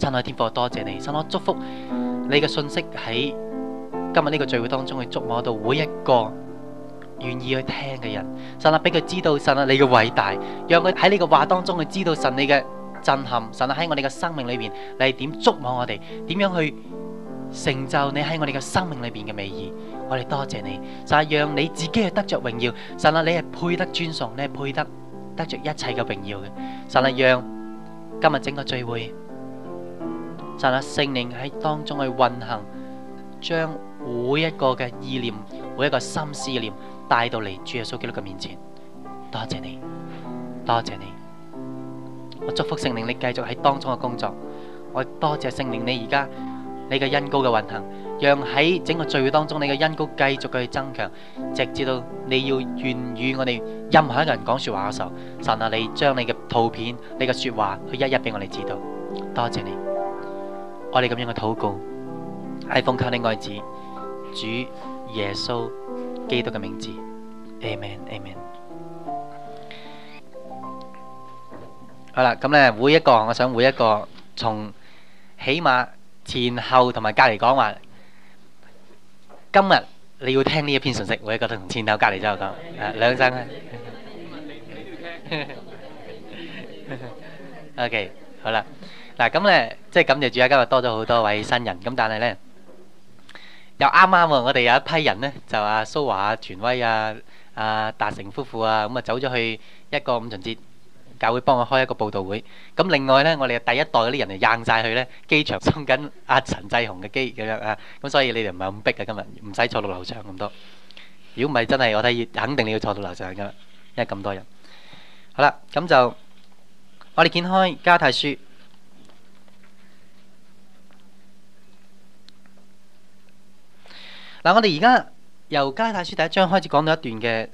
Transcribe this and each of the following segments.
神啊，天父，多謝你。神啊，祝福你嘅信息喺今日呢個聚會當中去觸摸到每一個願意去聽嘅人。神啊，俾佢知道神啊你嘅偉大，讓佢喺你嘅話當中去知道神你嘅震撼。神啊，喺我哋嘅生命裏邊，你係點觸摸我哋，點樣去成就你喺我哋嘅生命裏邊嘅美意。我哋多謝你，就係、啊、讓你自己去得着榮耀。神啊，你係配得尊崇咧，你配得得着一切嘅榮耀嘅。神啊，讓今日整個聚會。神啊，聖靈喺當中去運行，將每一個嘅意念、每一個心思念帶到嚟主耶穌基督嘅面前。多謝你，多謝你。我祝福聖靈，你繼續喺當中嘅工作。我多謝聖靈，你而家你嘅恩膏嘅運行，讓喺整個聚會當中，你嘅恩膏繼續嘅去增強，直至到你要願與我哋任何一個人講說話嘅時候，神啊，你將你嘅圖片、你嘅說話，去一一俾我哋知道。多謝你。我哋咁樣嘅禱告，係奉靠你愛子主耶穌基督嘅名字，amen，amen。好啦，咁咧，每一個我想每一個從起碼前後同埋隔籬講話，今日你要聽呢一篇信息，每一個同前後隔籬之後講，誒，兩陣啦。OK，好啦。嗱，咁咧即係感謝主啊！今日多咗好多位新人咁，但係咧又啱啱喎，我哋有一批人咧就阿蘇華、阿全威啊、阿達成夫婦啊，咁啊走咗去一個五旬節教會幫我開一個報道會。咁另外咧，我哋第一代嗰啲人就硬曬去咧機場送緊阿陳志雄嘅機咁樣啊。咁所以你哋唔係咁逼㗎今日，唔使坐到樓上咁多。如果唔係真係我睇，肯定你要坐到樓上噶，因為咁多人。好啦，咁就我哋見開加太書。嗱，我哋而家由加太書第一章開始講到一段嘅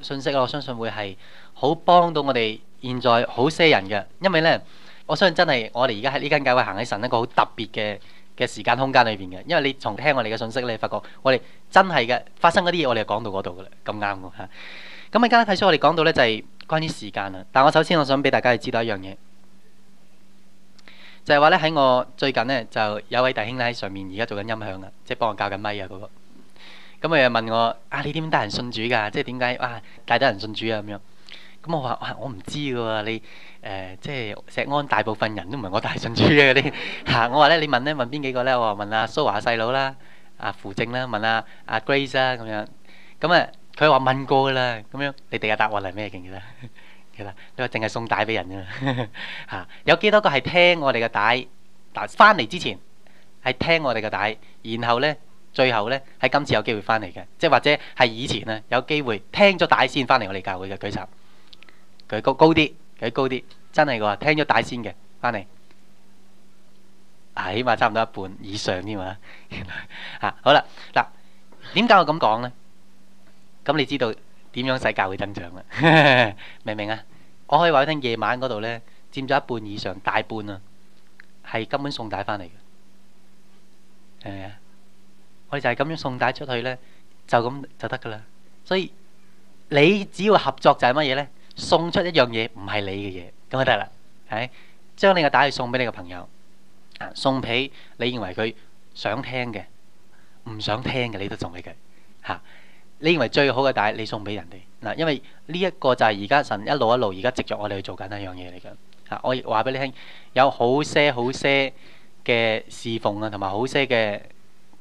信息，我相信會係好幫到我哋現在好些人嘅，因為咧，我相信真係我哋而家喺呢間教會行喺神一個好特別嘅嘅時間空間裏邊嘅，因為你從聽我哋嘅信息咧，你發覺我哋真係嘅發生嗰啲嘢，這的在我哋又講到嗰度噶啦，咁啱嘅吓。咁而家睇書我哋講到咧就係關於時間啦，但我首先我想俾大家知道一樣嘢，就係話咧喺我最近呢，就有位弟兄喺上面而家做緊音響啊，即係幫我校緊咪啊嗰個。咁佢又問我：啊，你點樣得人信主㗎？即係點解哇，帶得人信主啊咁樣？咁我話：我唔知嘅喎，你誒即係石安大部分人都唔係我帶信主嘅嗰啲。嚇！我話咧，你問咧問邊幾個咧？我話問阿蘇華細佬啦，阿扶正啦，問阿阿 Grace 啦咁樣。咁啊，佢話問過啦，咁樣你哋嘅答案係咩嘅咧？嘅啦，其實，你話淨係送帶俾人嘅，嚇？有幾多個係聽我哋嘅帶？但翻嚟之前係聽我哋嘅帶，然後咧。最後呢，係今次有機會翻嚟嘅，即係或者係以前呢，有機會聽咗帶先翻嚟我哋教會嘅舉手，舉高高啲，舉高啲，真係喎，聽咗帶先嘅翻嚟，起碼、哎、差唔多一半以上添 啊，嚇好啦，嗱，點解我咁講呢？咁你知道點樣使教會增長啦？ 明唔明啊？我可以話俾你聽，夜晚嗰度呢，佔咗一半以上，大半啊，係根本送帶翻嚟嘅，係咪啊？佢就係咁樣送帶出去呢，就咁就得噶啦。所以你只要合作就係乜嘢呢？送出一樣嘢唔係你嘅嘢，咁就得啦。係將你嘅帶去送俾你嘅朋友，送俾你，你認為佢想聽嘅，唔想聽嘅你都送俾佢。吓，你認為最好嘅帶你送俾人哋嗱，因為呢一個就係而家神一路一路而家藉着我哋去做緊一樣嘢嚟嘅。吓，我話俾你聽，有好些好些嘅侍奉啊，同埋好些嘅。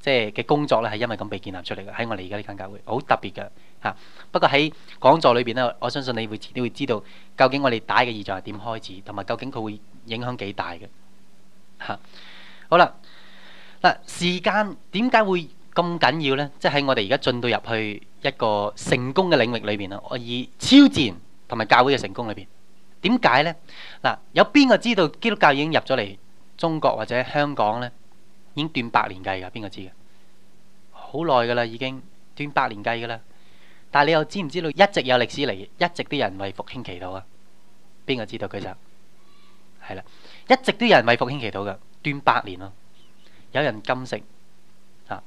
即係嘅工作咧，係因為咁被建立出嚟嘅，喺我哋而家呢間教會好特別嘅嚇。不過喺講座裏邊咧，我相信你會你會知道究竟我哋大嘅異象係點開始，同埋究竟佢會影響幾大嘅嚇。好啦，嗱，時間點解會咁緊要咧？即係喺我哋而家進到入去一個成功嘅領域裏邊啦。我以超自然同埋教會嘅成功裏邊，點解咧？嗱，有邊個知道基督教已經入咗嚟中國或者香港咧？已經斷百年計噶，邊個知嘅？好耐噶啦，已經斷百年計噶啦。但係你又知唔知道一直有歷史嚟，一直都有人為復興祈禱啊？邊個知道佢就係啦，一直都有人為復興祈禱噶，斷百年咯。有人禁食啊？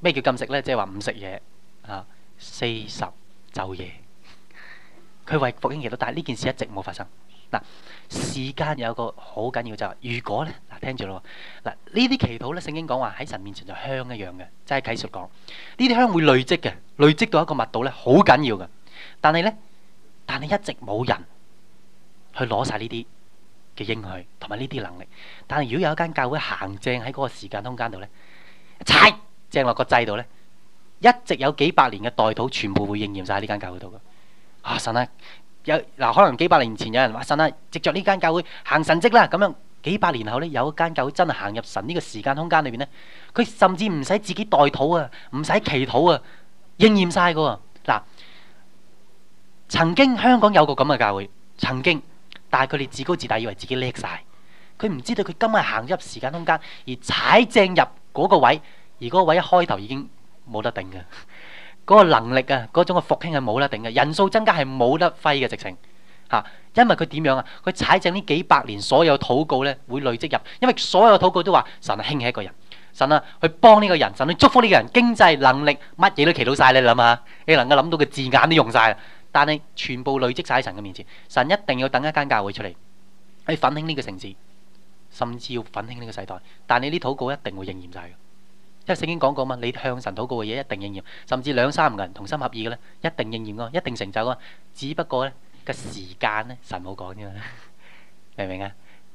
咩叫禁食呢？即係話唔食嘢啊，四十晝夜。佢為復興祈禱，但係呢件事一直冇發生。時間有個好緊要就係，如果咧，嗱，聽住咯。嗱，呢啲祈禱咧，聖經講話喺神面前就香一樣嘅，即係繼續，講呢啲香會累積嘅，累積到一個密度咧好緊要嘅。但係咧，但係一直冇人去攞晒呢啲嘅英氣同埋呢啲能力。但係如果有一間教會行正喺嗰個時間空間度咧，踩正落個制度咧，一直有幾百年嘅代禱全部會應驗晒呢間教會度嘅。啊神啊！有嗱，可能幾百年前有人話神啊，藉著呢間教會行神蹟啦，咁樣幾百年後咧，有一間教會真係行入神呢個時間空間裏邊咧，佢甚至唔使自己代禱啊，唔使祈禱啊，應驗晒噶啊。嗱，曾經香港有個咁嘅教會，曾經，但係佢哋自高自大，以為自己叻晒。佢唔知道佢今日行入時間空間而踩正入嗰個位，而嗰個位一開頭已經冇得定嘅。 嗰個能力啊，嗰種嘅復興係冇得頂嘅，人數增加係冇得揮嘅，直情吓，因為佢點樣啊？佢踩正呢幾百年所有禱告咧，會累積入，因為所有禱告都話神係興起一個人，神啊去幫呢個人，神去祝福呢個人，經濟能力乜嘢都齊到晒，你諗下，你能夠諗到嘅字眼都用晒啦，但係全部累積晒喺神嘅面前，神一定要等一間教會出嚟去奮興呢個城市，甚至要奮興呢個世代，但係你啲禱告一定會應驗晒嘅。因為聖經講過嘛，你向神禱告嘅嘢一定應驗，甚至兩三個人同心合意嘅咧，一定應驗啊，一定成就啊。只不過咧個時間咧，神冇講啫，明唔明啊？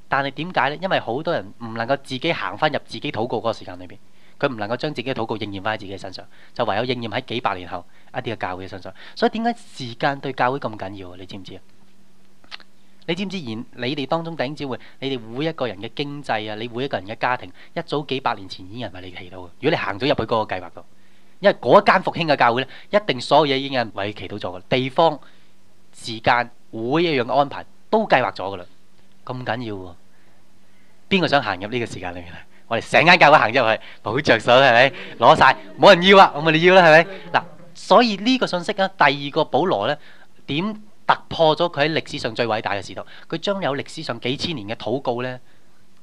但係點解咧？因為好多人唔能夠自己行翻入自己禱告嗰個時間裏邊，佢唔能夠將自己嘅禱告應驗翻喺自己身上，就唯有應驗喺幾百年後一啲嘅教會嘅身上。所以點解時間對教會咁緊要啊？你知唔知啊？你知唔知？然你哋當中頂教會，你哋每一個人嘅經濟啊，你每一個人嘅家庭，一早幾百年前已經人為你祈禱嘅。如果你行咗入去嗰個計劃度，因為嗰間復興嘅教會咧，一定所有嘢已經人為你祈禱咗嘅啦，地方、時間、每一樣嘅安排都計劃咗嘅啦。咁緊要喎？邊個想行入呢個時間裏面啊？我哋成間教會行咗入去，好着手係咪？攞晒，冇人要啊！我咪你要啦，係咪？嗱，所以呢個信息啊，第二個保羅咧點？突破咗佢喺歷史上最偉大嘅使徒，佢將有歷史上幾千年嘅禱告呢，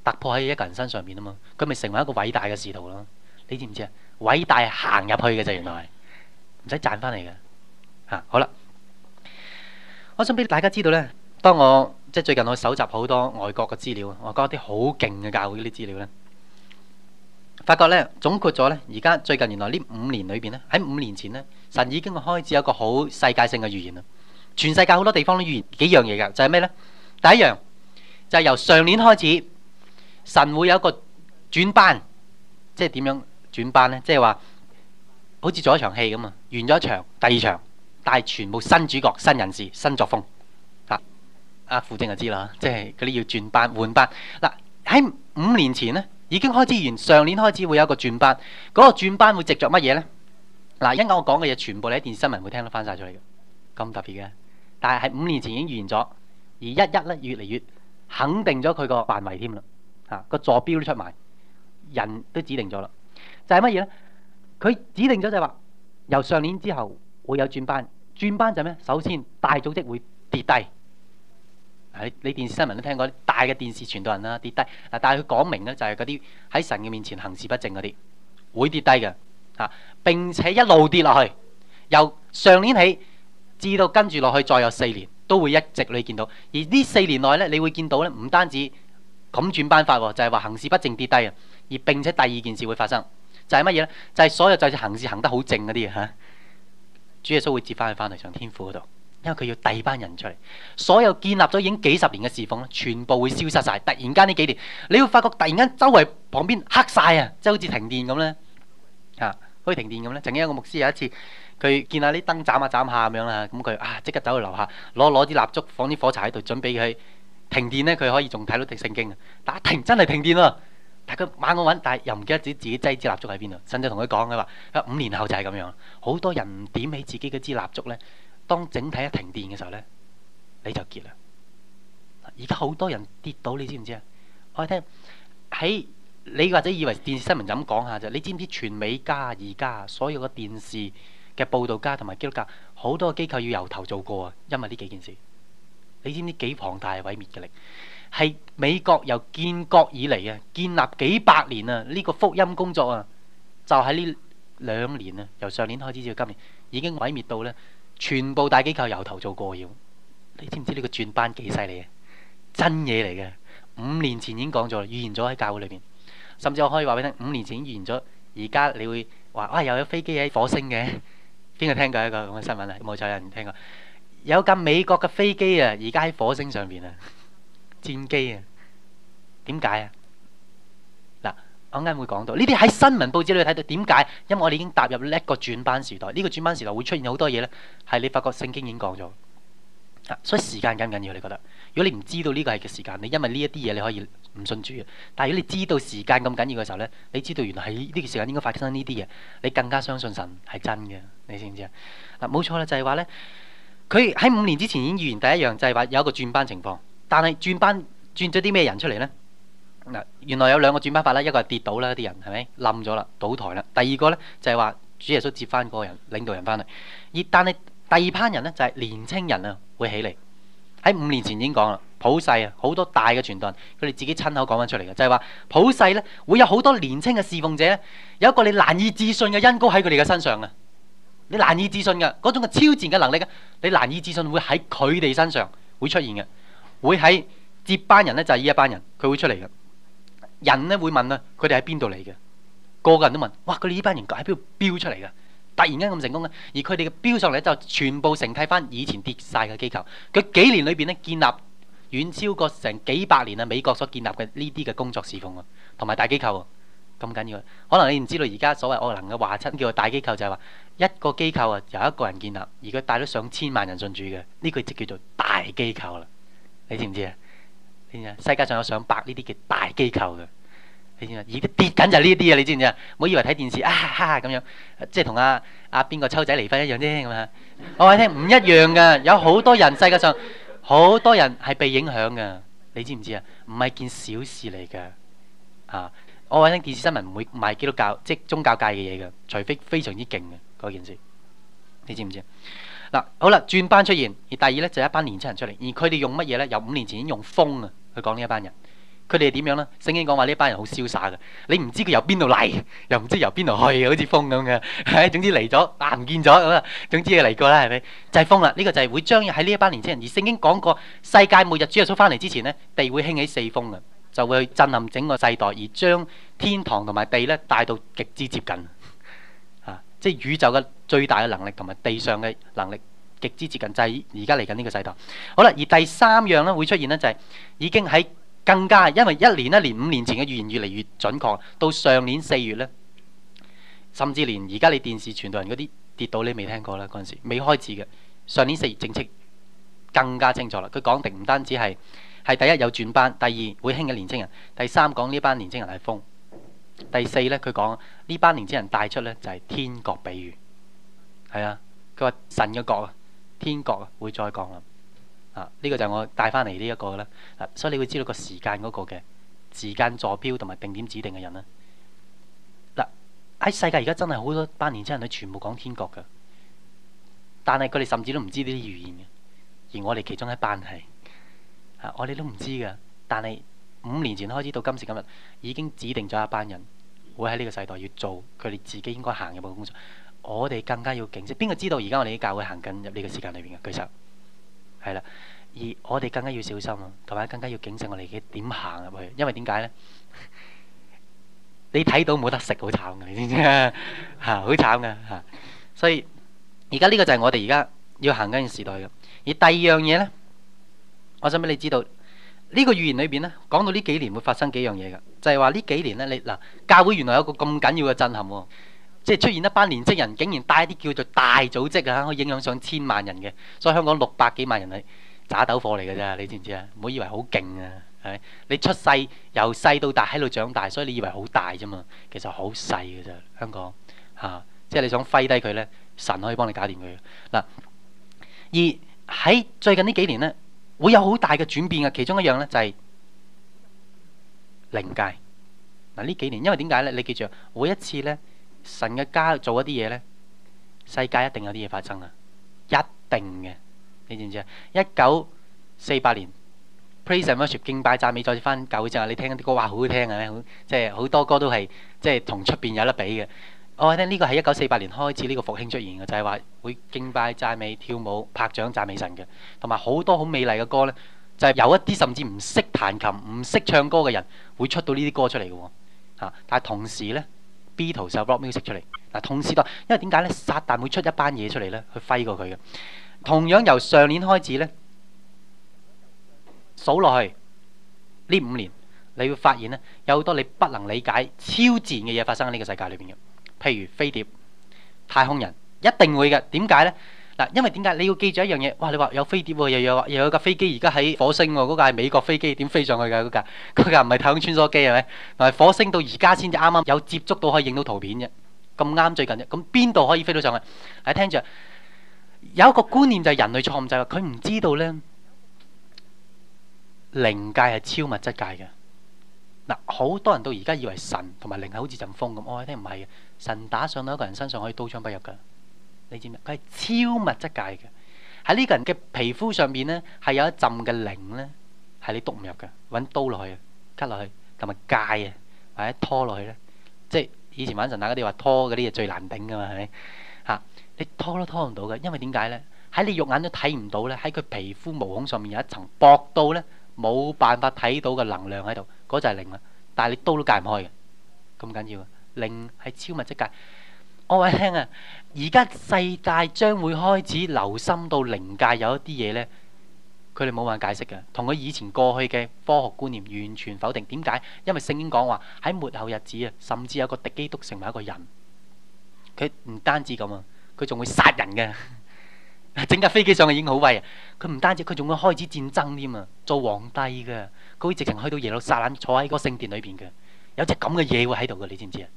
突破喺一個人身上面啊嘛，佢咪成為一個偉大嘅使徒咯？你知唔知啊？偉大行入去嘅就原來，唔使賺翻嚟嘅吓。好啦，我想俾大家知道呢。當我即係最近我搜集好多外國嘅資料，外國一啲好勁嘅教會啲資料呢，發覺呢總括咗呢。而家最近原來呢五年裏邊呢，喺五年前呢，神已經開始有一個好世界性嘅預言啦。全世界好多地方都完幾樣嘢㗎，就係、是、咩呢？第一樣就係、是、由上年開始，神會有一個轉班，即係點樣轉班呢？即係話好似做一場戲咁啊，完咗一場，第二場帶全部新主角、新人士、新作風。嚇、啊，阿傅正就知啦，即係嗰啲要轉班換班。嗱、啊，喺五年前呢，已經開始完，上年開始會有一個轉班，嗰、那個轉班會藉着乜嘢呢？嗱、啊，一陣我講嘅嘢，全部你喺電視新聞會聽得翻晒出嚟嘅，咁特別嘅。但係五年前已經預言咗，而一一咧越嚟越肯定咗佢個範圍添啦，吓，個坐標都出埋，人都指定咗啦。就係乜嘢呢？佢指定咗就係話，由上年之後會有轉班，轉班就係咩？首先大組織會跌低，喺你電視新聞都聽過，大嘅電視傳道人啦跌低。嗱，但係佢講明呢，就係嗰啲喺神嘅面前行事不正嗰啲，會跌低嘅㗎。並且一路跌落去，由上年起。至到跟住落去，再有四年都會一直你見到。而呢四年內咧，你會見到咧，唔單止咁轉班法喎，就係話行事不正跌低啊。而並且第二件事會發生，就係乜嘢咧？就係所有就係行事行得好正嗰啲嘅嚇，主耶穌會接翻佢翻嚟上天父嗰度，因為佢要第班人出嚟。所有建立咗已經幾十年嘅侍奉咧，全部會消失晒。突然間呢幾年，你會發覺突然間周圍旁邊黑晒啊，即係好似停電咁咧嚇，好似停電咁咧。曾經有個牧師有一次。佢見下啲燈斬下斬下咁樣啦，咁佢啊即刻走去樓下攞攞支蠟燭，放啲火柴喺度，準備佢停電呢，佢可以仲睇到啲聖經。但一停真係停電啊！但佢猛我揾，但係又唔記得自自己擠支蠟燭喺邊度。甚至同佢講嘅話五年後就係咁樣。好多人唔點起自己嗰支蠟燭呢，當整體一停電嘅時候呢，你就結啦。而家好多人跌倒，你知唔知啊？我聽喺你或者以為電視新聞就咁講下啫。你知唔知全美加而家所有個電視？嘅報道家同埋基督教，好多個機構要由頭做過啊！因為呢幾件事，你知唔知幾龐大毀滅嘅力？係美國由建國以嚟啊，建立幾百年啊，呢個福音工作啊，就喺呢兩年啊，由上年開始至到今年，已經毀滅到咧，全部大機構由頭做過要，你知唔知呢個轉班幾犀利啊？真嘢嚟嘅，五年前已經講咗，預言咗喺教會裏邊，甚至我可以話俾你聽，五年前已預言咗，而家你會話啊，又有咗飛機喺火星嘅。邊個聽過一個咁嘅新聞啊？冇錯，有人聽過有架美國嘅飛機啊，而家喺火星上面啊，戰機啊，點解啊？嗱，我啱啱會講到呢啲喺新聞報紙裏睇到點解，因為我哋已經踏入呢個轉班時代，呢個轉班時代會出現好多嘢咧，係你發覺聖經已經講咗啊，所以時間緊唔緊要？你覺得？如果你唔知道呢個係嘅時間，你因為呢一啲嘢你可以唔信主嘅。但係如果你知道時間咁緊要嘅時候咧，你知道原來喺呢個時間應該發生呢啲嘢，你更加相信神係真嘅。你知唔知啊？嗱，冇錯啦，就係話咧，佢喺五年之前已經預言第一樣就係話有一個轉班情況。但係轉班轉咗啲咩人出嚟咧？嗱，原來有兩個轉班法啦，一個係跌倒啦，啲人係咪冧咗啦，倒台啦。第二個咧就係話主耶穌接翻個人領導人翻嚟。而但係第二班人咧就係年青人啊會起嚟。喺五年前已經講啦，普世啊，好多大嘅傳道人，佢哋自己親口講翻出嚟嘅，就係話普世咧，會有好多年青嘅侍奉者，有一個你難以置信嘅恩膏喺佢哋嘅身上嘅，你難以置信嘅嗰種嘅超自然嘅能力咧，你難以置信會喺佢哋身上會出現嘅，會喺接班人咧就係呢一班人，佢會出嚟嘅，人咧會問啊，佢哋喺邊度嚟嘅？個個人都問，哇，佢哋呢班人喺邊度飈出嚟嘅？突然間咁成功嘅，而佢哋嘅飆上嚟就全部承替翻以前跌晒嘅機構。佢幾年裏邊咧建立遠超過成幾百年啊美國所建立嘅呢啲嘅工作侍奉啊，同埋大機構啊咁緊要。可能你唔知道而家所謂我能嘅話親叫做大機構就係話一個機構啊由一個人建立而佢帶咗上千萬人信主嘅呢個就叫做大機構啦。你知唔知啊？世界上有上百呢啲嘅大機構嘅。你知嘛？而家跌緊就係呢啲啊！你知唔知啊？唔好以為睇電視啊哈咁樣，即係同阿阿邊個秋仔離婚一樣啫咁啊！我話你聽，唔一樣噶，有好多人世界上好多人係被影響噶，你知唔知啊？唔係件小事嚟噶啊！我話你聽，電視新聞唔會賣基督教即係宗教界嘅嘢噶，除非非常之勁嘅嗰件事，你知唔知啊？嗱，好啦，轉班出現，而第二咧就係一班年青人出嚟，而佢哋用乜嘢咧？由五年前已經用風啊去講呢一班人。佢哋點樣呢？聖經講話呢班人好瀟灑嘅，你唔知佢由邊度嚟，又唔知由邊度去，好似風咁嘅。總之嚟咗，啊唔見咗咁啦。總之佢嚟過啦，係咪就係、是、風啦？呢、這個就係會將喺呢一班年青人而聖經講過，世界末日主耶穌翻嚟之前呢，地會興起四風嘅，就會震撼整個世代而將天堂同埋地咧帶到極之接近。啊、即係宇宙嘅最大嘅能力同埋地上嘅能力極之接近，就係而家嚟緊呢個世代。好啦，而第三樣咧會出現呢，就係、是、已經喺。更加，因為一年一年五年前嘅預言越嚟越準確，到上年四月呢，甚至連而家你電視傳道人嗰啲跌到你未聽過啦，嗰陣時未開始嘅。上年四月正式更加清楚啦，佢講定唔單止係係第一有轉班，第二會興嘅年青人，第三講呢班年青人係風，第四呢，佢講呢班年青人帶出呢就係天國比喻，係啊，佢話神嘅國啊，天國啊會再降臨。呢個就係我帶翻嚟呢一個啦。啊，所以你會知道個時間嗰個嘅時間坐標同埋定點指定嘅人啦。嗱，喺世界而家真係好多班年青人佢全部講天國噶，但係佢哋甚至都唔知呢啲預言嘅。而我哋其中一班係我哋都唔知噶。但係五年前開始到今時今日，已經指定咗一班人會喺呢個世代要做佢哋自己應該行嘅嗰個工作。我哋更加要警醒，邊個知道而家我哋啲教會行緊入呢個時間裏邊嘅？舉手。係啦，而我哋更加要小心啊，同埋更加要警醒我哋嘅，點行入去，因為點解咧？你睇到冇得食好慘嘅，你知唔知吓，好慘嘅吓。所以而家呢個就係我哋而家要行緊嘅時代嘅。而第二樣嘢咧，我想俾你知道，呢個預言裏邊咧，講到呢幾年會發生幾樣嘢噶，就係話呢幾年咧，你嗱教會原來有個咁緊要嘅震撼。即係出現一班年青人，竟然帶一啲叫做大組織啊，可以影響上千萬人嘅。所以香港六百幾萬人係渣斗貨嚟嘅啫，你知唔知啊？唔好以為好勁啊，係咪？你出世由細到大喺度長大，所以你以為好大啫嘛，其實好細嘅啫。香港嚇，即係你想揮低佢咧，神可以幫你搞掂佢嗱。而喺最近呢幾年咧，會有好大嘅轉變嘅，其中一樣咧就係靈界嗱。呢幾年因為點解咧？你記住每一次咧。神嘅家做一啲嘢呢，世界一定有啲嘢發生啊！一定嘅，你知唔知啊？一九四八年，Praise and Worship 敬拜讚美再翻教會之後，你聽啲歌哇，好好聽嘅，即係好多歌都係即係同出邊有得比嘅。我聽呢個係一九四八年開始呢個復興出現嘅，就係話會敬拜讚美、跳舞、拍掌、讚美神嘅，同埋好多好美麗嘅歌呢，就係有一啲甚至唔識彈琴唔識唱歌嘅人會出到呢啲歌出嚟嘅喎。但係同時呢。Beatles 就 rock music 出嚟，嗱同時代，因為點解咧？撒旦會出一班嘢出嚟咧，去揮過佢嘅。同樣由上年開始咧，數落去呢五年，你會發現咧，有好多你不能理解超自然嘅嘢發生喺呢個世界裏邊嘅，譬如飛碟、太空人，一定會嘅。點解咧？嗱，因為點解你要記住一樣嘢？哇！你話有飛碟喎，又有又有架飛機，而家喺火星喎，嗰架係美國飛機點飛上去㗎？嗰架，嗰架唔係太空穿梭機係咪？係火星到而家先至啱啱有接觸到可以影到圖片啫，咁啱最近啫。咁邊度可以飛到上去？誒，聽住，有一個觀念就係人類錯誤就係佢唔知道咧，靈界係超物質界嘅。嗱，好多人到而家以為神同埋靈係好似陣風咁，我聽唔係嘅，神打上到一個人身上可以刀槍不入㗎。你知咩？佢係超物質界嘅，喺呢個人嘅皮膚上面咧，係有一浸嘅靈咧，係你篤唔入嘅，揾刀落去啊，吉落去，同埋戒啊，或者拖落去咧，即係以前玩神打嗰啲話拖嗰啲嘢最難頂噶嘛，係咪？嚇，你拖都拖唔到嘅，因為點解咧？喺你肉眼都睇唔到咧，喺佢皮膚毛孔上面有一層薄到咧，冇辦法睇到嘅能量喺度，嗰就係靈啦。但係你刀都戒唔開嘅，咁緊要啊！靈係超物質界。我話聽啊，而家世界將會開始留心到靈界有一啲嘢呢，佢哋冇辦法解釋嘅，同佢以前過去嘅科學觀念完全否定。點解？因為聖經講話喺末後日子啊，甚至有個敵基督成為一個人，佢唔單止咁啊，佢仲會殺人嘅， 整架飛機上去已經好威啊。佢唔單止，佢仲會開始戰爭添啊，做皇帝嘅，佢會直情去到耶路撒冷坐喺個聖殿裏邊嘅，有隻咁嘅嘢會喺度嘅，你知唔知啊？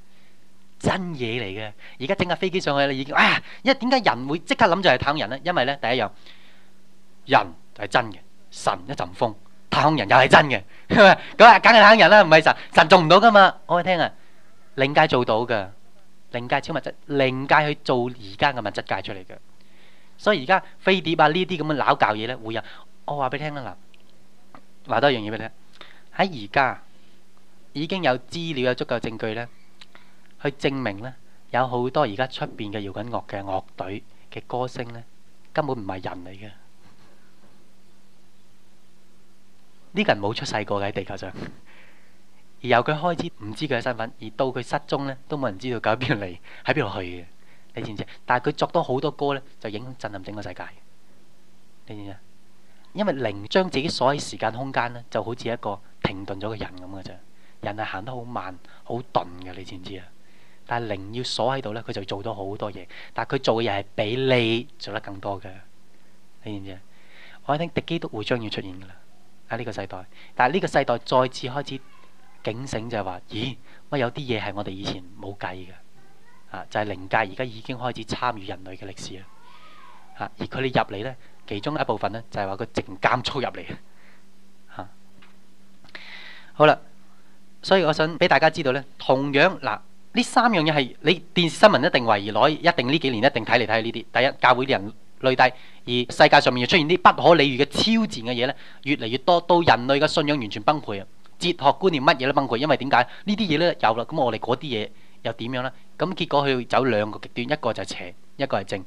真嘢嚟嘅，而家整架飛機上去啦已經啊，因為點解人會即刻諗住係太空人咧？因為咧第一樣，人就係真嘅，神一陣風，太空人又係真嘅，咁啊梗係太空人啦，唔係神，神做唔到噶嘛。我話聽啊，靈界做到噶，靈界超物質，靈界去做而家嘅物質界出嚟嘅，所以而家飛碟啊呢啲咁嘅撈教嘢咧會有。我話俾你聽啦，嗱，話多一樣嘢俾你聽，喺而家已經有資料有足夠證據咧。去證明咧，有好多而家出邊嘅搖滾樂嘅樂隊嘅歌星咧，根本唔係人嚟嘅。呢個人冇出世過嘅喺地球上，而由佢開始唔知佢嘅身份，而到佢失蹤咧，都冇人知道佢喺邊度嚟，喺邊度去嘅。你知唔知？但係佢作多好多歌咧，就影響震撼整個世界。你知唔知？因為零將自己鎖喺時間空間咧，就好似一個停頓咗嘅人咁嘅啫。人係行得好慢，好鈍嘅，你知唔知啊？但係靈要鎖喺度咧，佢就做到好多嘢。但係佢做嘅嘢係比你做得更多嘅，你知唔知？我一聽敵基督會將要出現噶啦喺呢個世代。但係呢個世代再次開始警醒就係話：咦，乜有啲嘢係我哋以前冇計嘅啊？就係、是、靈界而家已經開始參與人類嘅歷史啦。啊，而佢哋入嚟咧，其中一部分咧就係話佢淨監操入嚟啊。吓，好啦，所以我想俾大家知道咧，同樣嗱。呢三樣嘢係你電視新聞一定為而來，一定呢幾年一定睇嚟睇去呢啲。第一，教會啲人類低；而世界上面又出現啲不可理喻嘅超自然嘅嘢咧，越嚟越多，到人類嘅信仰完全崩潰，哲學觀念乜嘢都崩潰。因為點解呢啲嘢咧有啦？咁我哋嗰啲嘢又點樣咧？咁結果佢走兩個極端，一個就邪，一個係正。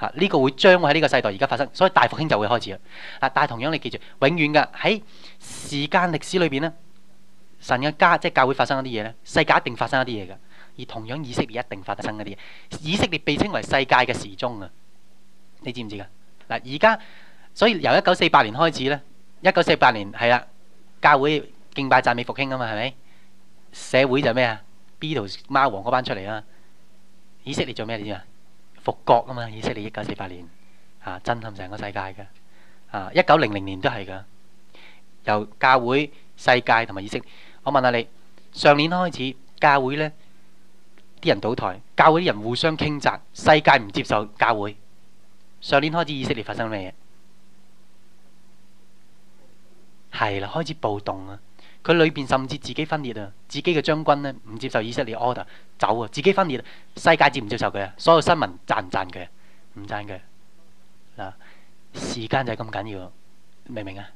嚇，呢個將會將喺呢個世代而家發生，所以大復興就會開始啦。啊，但係同樣你記住，永遠嘅喺時間歷史裏邊咧，神嘅家即係教會發生一啲嘢咧，世界一定發生一啲嘢㗎。而同樣，以色列一定發生嗰啲嘢。以色列被稱為世界嘅時鐘啊，你知唔知噶嗱？而家所以由一九四八年開始咧，一九四八年係啦，教會敬拜讚美復興啊嘛，係咪社會就咩啊？Beatles、貓王嗰班出嚟啊。以色列做咩你知啊？復國啊嘛，以色列一九四八年嚇、啊、震撼成個世界嘅啊，一九零零年都係噶，由教會世界同埋以色列。我問下你上年開始教會咧？啲人倒台，教會啲人互相傾軋，世界唔接受教會。上年開始，以色列發生咩嘢？係啦，開始暴動啊！佢裏邊甚至自己分裂啊！自己嘅將軍呢，唔接受以色列 order，走啊！自己分裂，世界接唔接受佢啊？所有新聞讚唔讚佢？唔讚佢嗱，時間就係咁緊要，明唔明啊？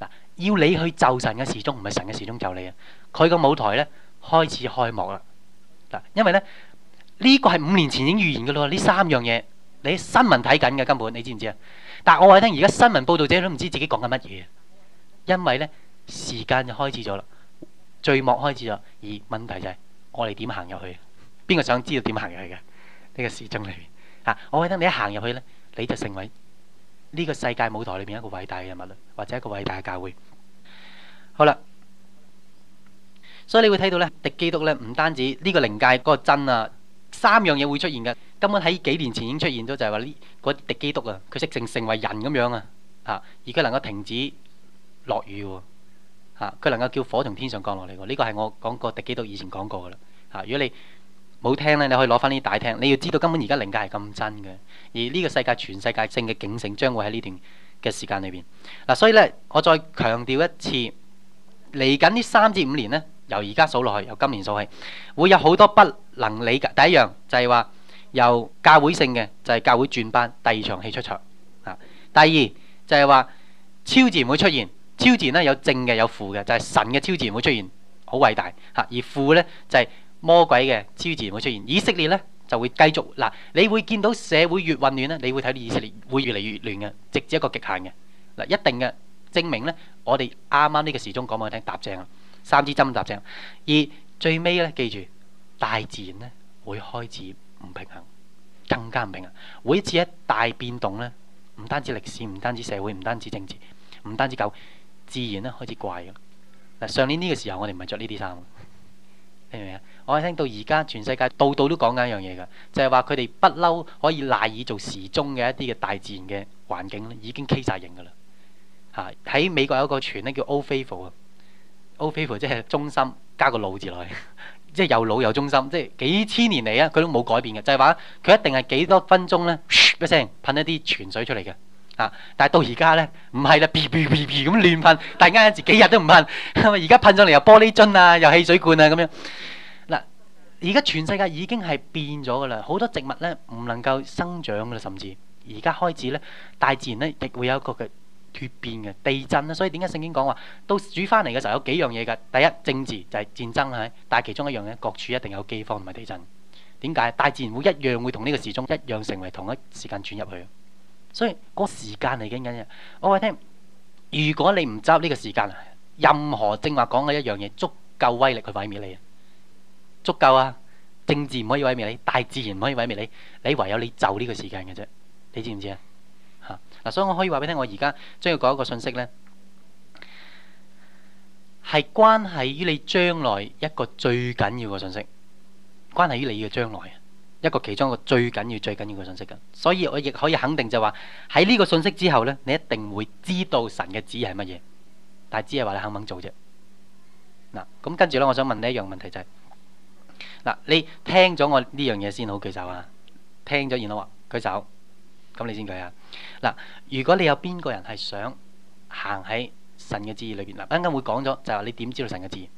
嗱，要你去就神嘅時鐘，唔係神嘅時鐘就你啊！佢個舞台咧開始開幕啦。因為咧呢個係五年前已經預言嘅咯。呢三樣嘢你新聞睇緊嘅根本，你知唔知啊？但係我話聽而家新聞報道者都唔知自己講緊乜嘢，因為咧時間就開始咗啦，序幕開始咗，而問題就係我哋點行入去？邊個想知道點行入去嘅呢個時鐘裏邊？吓，我話聽你，你一行入去咧，你就成為呢個世界舞台裏邊一個偉大嘅人物啦，或者一個偉大嘅教會。好啦。所以你會睇到咧，敵基督咧唔單止呢個靈界嗰個真啊，三樣嘢會出現嘅。根本喺幾年前已經出現咗，就係話呢個敵基督啊，佢即成成為人咁樣啊，嚇！而佢能夠停止落雨喎，佢能夠叫火從天上降落嚟喎。呢、呢個係我講過敵基督以前講過噶啦，嚇！如果你冇聽咧，你可以攞翻呢啲大廳，你要知道根本而家靈界係咁真嘅，而呢個世界全世界性嘅警醒將會喺呢段嘅時間裏邊嗱。所以咧，我再強調一次，嚟緊呢三至五年咧。由而家數落去，由今年數起，會有好多不能理解。第一樣就係、是、話，由教會性嘅就係、是、教會轉班，第二場戲出場。嚇，第二就係、是、話，超自然會出現。超自然咧有正嘅有負嘅，就係、是、神嘅超自然會出現，好偉大嚇。而負咧就係、是、魔鬼嘅超自然會出現。以色列咧就會繼續嗱，你會見到社會越混亂咧，你會睇到以色列會越嚟越亂嘅，直至一個極限嘅嗱，一定嘅證明咧，我哋啱啱呢個時鐘講俾我聽，答正啦。三支針扎正，而最尾咧，記住大自然咧會開始唔平衡，更加唔平衡，每一次一大變動咧。唔單止歷史，唔單止社會，唔單止政治，唔單止狗，自然咧開始怪嘅。嗱，上年呢個時候我哋唔係著呢啲衫，你明唔明啊？我聽到而家全世界度度都講緊一樣嘢㗎，就係話佢哋不嬲可以賴以做時鐘嘅一啲嘅大自然嘅環境咧，已經畸晒型㗎啦。嚇！喺美國有一個泉咧叫 Old Faithful 啊。O.P.P. 即係忠心加個老字落去，即係又老又忠心，即係幾千年嚟啊，佢都冇改變嘅，就係話佢一定係幾多分鐘咧，一聲噴一啲泉水出嚟嘅啊！但係到而家咧，唔係啦，嗶嗶嗶嗶咁亂噴，突然間幾日都唔噴，而家噴上嚟又玻璃樽啊，又汽水罐啊咁樣。嗱、啊，而家全世界已經係變咗噶啦，好多植物咧唔能夠生長噶啦，甚至而家開始咧，大自然咧亦會有一個嘅。脫變嘅地震啦、啊,所以點解聖經講話到煮翻嚟嘅時候有幾樣嘢㗎？第一政治就係、是、戰爭係，但係其中一樣嘢，各處一定有饑荒同埋地震。點解？大自然會一樣會同呢個時鐘一樣成為同一時間轉入去。所以嗰、那個時間嚟緊緊嘅。我話聽，如果你唔執呢個時間，任何正話講嘅一樣嘢足夠威力去毀滅你，足夠啊！政治唔可以毀滅你，大自然唔可以毀滅你，你唯有你就呢個時間嘅啫。你知唔知啊？嗱，所以我可以話俾你聽，我而家將要講一個信息咧，係關係於你將來一個最緊要嘅信息，關係於你嘅將來啊，一個其中一個最緊要、最緊要嘅信息嘅。所以我亦可以肯定就話，喺呢個信息之後咧，你一定會知道神嘅旨意係乜嘢，但係只係話你肯唔肯做啫。嗱，咁跟住咧，我想問你一樣問題就係，嗱，你聽咗我呢樣嘢先好舉手啊？聽咗然後話舉手。咁你先舉啊！嗱，如果你有邊個人係想行喺神嘅旨意裏邊，嗱，啱啱會講咗，就係話你點知道神嘅旨意？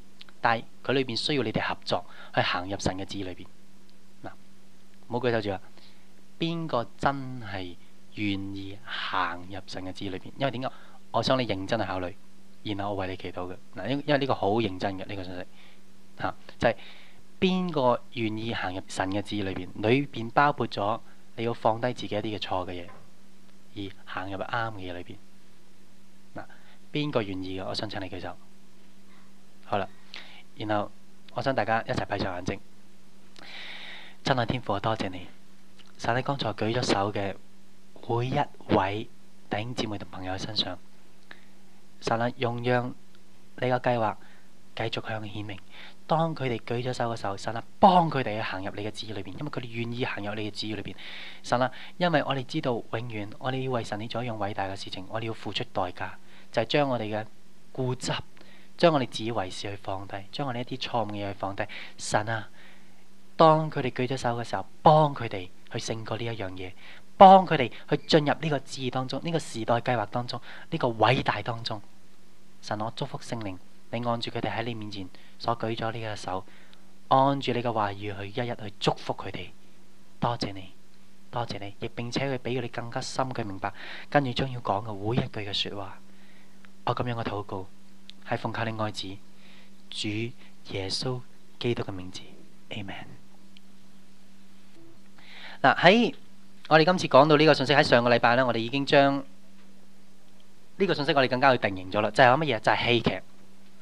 但係佢裏邊需要你哋合作去行入神嘅旨意裏邊。嗱，唔好舉手住啊！邊個真係願意行入神嘅旨意裏邊？因為點解？我想你認真去考慮，然後我為你祈禱嘅嗱，因因為呢個好認真嘅呢個信息嚇，就係邊個願意行入神嘅旨意裏邊？裏邊包括咗。你要放低自己一啲嘅錯嘅嘢，而行入去啱嘅嘢裏邊。嗱，邊個願意嘅？我想請你舉手。好啦，然後我想大家一齊閉上眼睛。真係天父，多謝你，曬喺剛才舉咗手嘅每一位弟兄姊妹同朋友的身上，曬啦，用讓呢個計劃繼續向顯明。當佢哋舉咗手嘅時候，神啊，幫佢哋去行入你嘅旨意裏邊，因為佢哋願意行入你嘅旨意裏邊，神啊，因為我哋知道永遠，我哋要為神做一樣偉大嘅事情，我哋要付出代價，就係將我哋嘅固執，將我哋自以為是去放低，將我哋一啲錯誤嘅嘢，去放低，神啊，當佢哋舉咗手嘅時候，幫佢哋去勝過呢一樣嘢，幫佢哋去進入呢個旨意當中，呢個時代計劃當中，呢個偉大當中，神啊，我祝福聖靈。你按住佢哋喺你面前所舉咗呢個手，按住你嘅話語去日日去祝福佢哋，多謝你，多謝你，亦並且佢俾佢哋更加深嘅明白，跟住將要講嘅每一句嘅說話，我咁樣嘅禱告，係奉靠你愛子主耶穌基督嘅名字，Amen。嗱，喺我哋今次講到呢個信息，喺上個禮拜呢，我哋已經將呢個信息我哋更加去定型咗啦，就係乜嘢？就係、是、戲劇。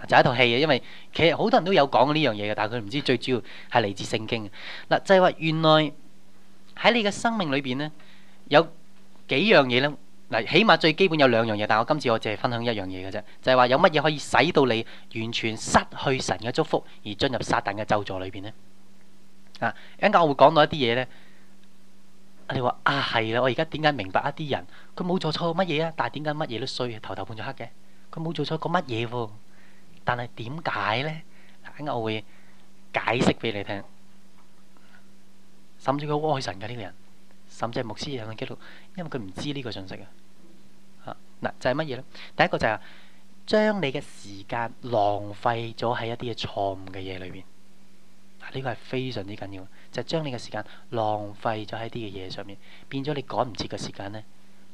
就係一套戲嘅，因為其實好多人都有講呢樣嘢嘅，但係佢唔知最主要係嚟自聖經。嗱，就係話原來喺你嘅生命裏邊咧，有幾樣嘢咧嗱，起碼最基本有兩樣嘢。但係我今次我淨係分享一樣嘢嘅啫，就係話有乜嘢可以使到你完全失去神嘅祝福，而進入撒旦嘅咒詛裏邊咧嗱？一陣間我會講到一啲嘢咧，你話啊係啦，我而家點解明白一啲人佢冇做錯乜嘢啊？但係點解乜嘢都衰，頭頭碰著黑嘅？佢冇做錯過乜嘢喎？但係點解呢？嗱，我會解釋俾你聽。甚至佢好愛神嘅呢個人，甚至係牧師錄、甚至係基督，因為佢唔知呢個信息嘅。啊，嗱，就係乜嘢呢？第一個就係將你嘅時間浪費咗喺一啲嘅錯誤嘅嘢裏邊。啊，呢個係非常之緊要，就係將你嘅時間浪費咗喺啲嘅嘢上面，變咗你趕唔切嘅時間呢。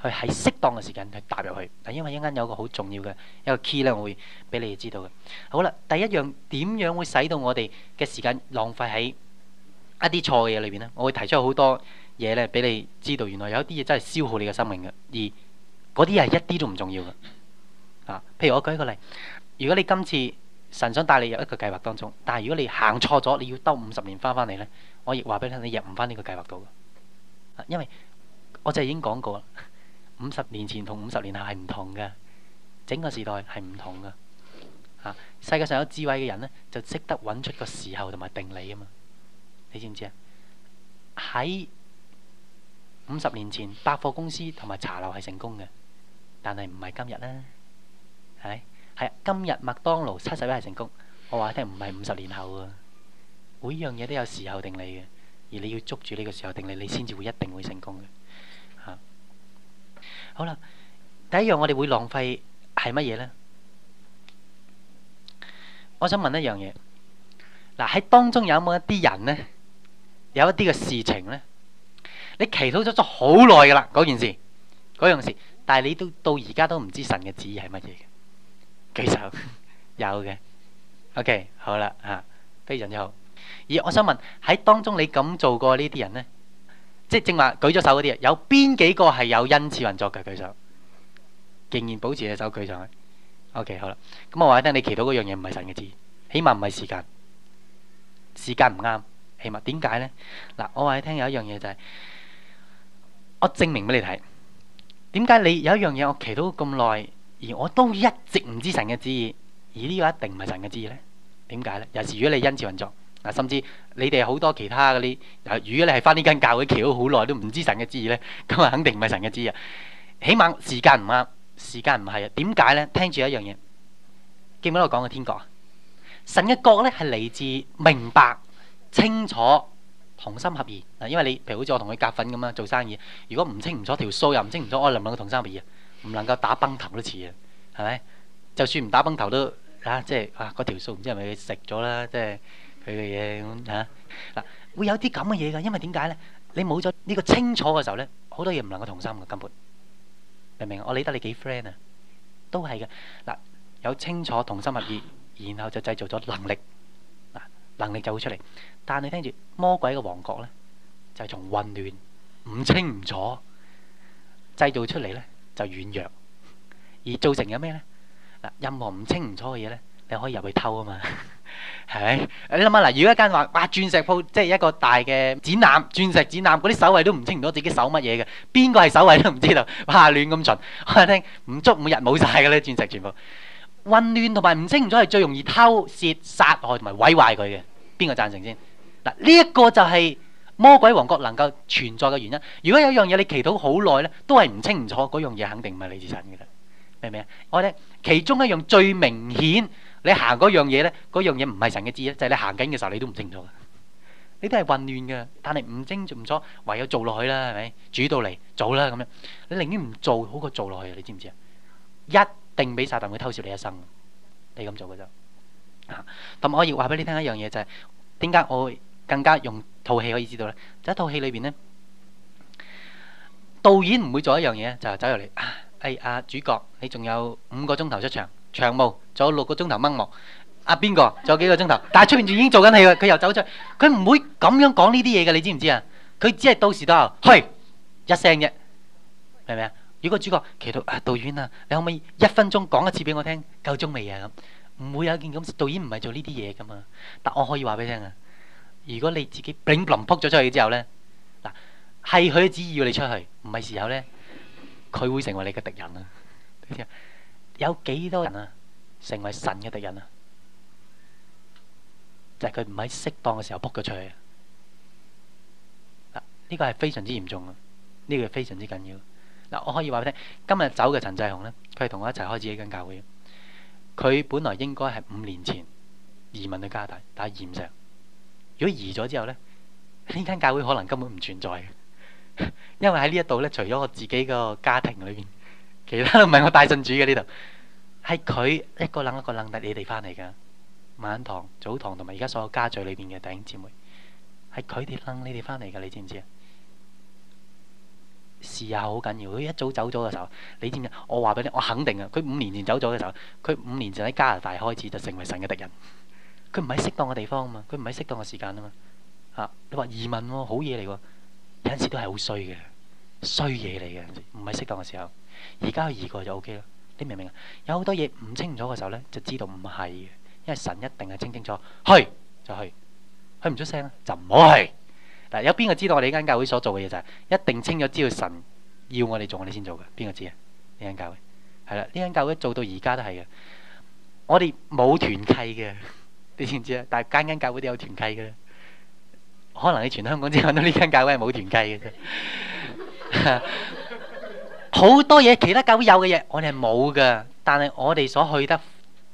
去喺適當嘅時間去踏入去，但因為一陣間有個好重要嘅一個 key 咧，我會俾你哋知道嘅。好啦，第一樣點樣會使到我哋嘅時間浪費喺一啲錯嘅嘢裏邊咧？我會提出好多嘢咧，俾你知道。原來有一啲嘢真係消耗你嘅生命嘅，而嗰啲係一啲都唔重要嘅。啊，譬如我舉一個例，如果你今次神想帶你入一個計劃當中，但係如果你行錯咗，你要兜五十年翻翻嚟咧，我亦話俾你聽，你入唔翻呢個計劃度嘅。啊，因為我就已經講過啦。五十年前同五十年後係唔同嘅，整個時代係唔同嘅，啊。世界上有智慧嘅人呢，就識得揾出個時候同埋定理啊嘛。你知唔知啊？喺五十年前，百貨公司同埋茶樓係成功嘅，但係唔係今日咧？係係、啊、今日麥當勞七十一係成功，我話你聽唔係五十年後啊。每樣嘢都有時候定理嘅，而你要捉住呢個時候定理，你先至會一定會成功嘅。好啦，第一樣我哋會浪費係乜嘢呢？我想問一樣嘢，嗱，喺當中有冇一啲人呢？有一啲嘅事情呢，你祈禱咗咗好耐噶啦，嗰件事，嗰樣事，但係你都到而家都唔知神嘅旨意係乜嘢嘅，其實有嘅，OK，好啦吓，非常之好。而我想問喺當中你咁做過呢啲人呢？即係正話，舉咗手嗰啲啊，有邊幾個係有恩賜運作嘅舉手？竟然保持隻手舉上去。OK，好啦，咁我話你聽，你祈到嗰樣嘢唔係神嘅旨意，起碼唔係時間，時間唔啱，起碼點解呢？嗱，我話你聽有一樣嘢就係、是，我證明俾你睇，點解你有一樣嘢我祈到咁耐，而我都一直唔知神嘅旨意，而呢個一定唔係神嘅旨意呢？點解呢？有時如果你恩賜運作。嗱，甚至你哋好多其他嗰啲，如果你係翻呢間教會橋好耐都唔知神嘅旨意咧，咁啊肯定唔係神嘅旨意啊。起碼時間唔啱，時間唔係啊。點解咧？聽住一樣嘢，基本我講嘅天國啊，神嘅國咧係嚟自明白、清楚、同心合意。嗱，因為你譬如好似我同佢夾份咁樣，做生意，如果唔清唔楚條數，又唔清唔楚，我能唔能夠同心合意啊？唔能夠打崩頭都似。啊，係咪？就算唔打崩頭都啊，即係啊，嗰條數唔知係咪食咗啦，即係。佢嘅嘢吓嗱，會有啲咁嘅嘢㗎。因為點解咧？你冇咗呢個清楚嘅時候咧，好多嘢唔能夠同心嘅根本，明唔明？我理得你幾 friend 啊？都係嘅嗱，有清楚同心合意，然後就製造咗能力，嗱、啊，能力就會出嚟。但你聽住魔鬼嘅王國咧，就係、是、從混亂、唔清唔楚製造出嚟咧，就軟弱，而造成有咩咧？嗱、啊，任何唔清唔楚嘅嘢咧，你可以入去偷啊嘛。係，你諗下嗱，如果一間話哇鑽石鋪，即係一個大嘅展覽，鑽石展覽，嗰啲守衛都唔清唔到自己守乜嘢嘅，邊個係守衛都唔知道，哇亂咁巡，我哋聽唔足五日冇晒嘅咧，鑽石全部混亂同埋唔清唔楚係最容易偷竊、殺害同埋毀壞佢嘅，邊個贊成先？嗱，呢一個就係魔鬼王國能夠存在嘅原因。如果有樣嘢你祈禱好耐咧，都係唔清唔楚，嗰樣嘢肯定唔係李自成嘅啦，明唔明啊？我哋其中一樣最明顯。你行嗰樣嘢咧，嗰樣嘢唔係神嘅知啊，就係你行緊嘅時候，你都唔清楚嘅。你都係混亂嘅，但係唔清唔楚，唯有做落去啦，係咪？主導嚟做啦咁樣，你寧願唔做好過做落去，你知唔知啊？一定俾撒旦會偷笑你一生，你咁做嘅啫。咁我可以話俾你聽一樣嘢，就係點解我更加用套戲可以知道咧？就一套戲裏邊咧，導演唔會做一樣嘢啊，就係走入嚟啊，哎呀主角，你仲有五個鐘頭出場。長毛，仲有六個鐘頭掹毛，阿邊個？仲有幾個鐘頭？但係出邊仲已經做緊戲喇，佢又走出，佢唔會咁樣講呢啲嘢嘅，你知唔知啊？佢只係到時都，去一聲啫，明唔明啊？如果主角其實，阿、啊、導演啊，你可唔可以一分鐘講一次俾我聽？夠鐘未啊？咁唔會有一件咁，導演唔係做呢啲嘢噶嘛？但我可以話俾你聽啊，如果你自己炳林撲咗出去之後咧，嗱，係佢指意要你出去，唔係時候咧，佢會成為你嘅敵人啊！有幾多人啊？成為神嘅敵人啊！就係佢唔喺適當嘅時候撲佢出去，啊。嗱，呢個係非常之嚴重嘅，呢、呢個係非常之緊要。嗱，我可以話俾你聽，今日走嘅陳繼雄呢，佢係同我一齊開自己間教會。佢本來應該係五年前移民去加拿大，但係移唔上，如果移咗之後呢，呢間教會可能根本唔存在嘅， 因為喺呢一度呢，除咗我自己個家庭裏面。其他都唔係我的大信主嘅呢度，係佢一個楞一個楞得你哋翻嚟噶。晚堂、早堂同埋而家所有家聚裏邊嘅弟兄姊妹，係佢哋楞你哋翻嚟噶，你知唔知啊？是啊，好緊要。佢一早走咗嘅時候，你知唔知？我話俾你，我肯定啊。佢五年前走咗嘅時候，佢五年前喺加拿大開始就成為神嘅敵人。佢唔喺適當嘅地方啊嘛，佢唔喺適當嘅時間啊嘛。啊，你話移民喎、啊，好嘢嚟喎，有陣時都係好衰嘅，衰嘢嚟嘅，唔喺適當嘅時候。而家去二個就 OK 啦，你明唔明啊？有好多嘢，唔清楚嘅時候咧，就知道唔係嘅，因為神一定係清清楚去就去，去唔出聲就唔好去。嗱，有邊個知道我哋呢間教會所做嘅嘢就係一定清咗，知道神要我哋做，我做，我哋先做嘅。邊個知啊？呢間教會係啦，呢間教會做到而家都係嘅。我哋冇團契嘅，你知唔知啊？但係間間教會都有團契嘅，可能你全香港只搵到呢間教會係冇團契嘅啫。 好多嘢其他教會有嘅嘢，我哋係冇嘅。但係我哋所去得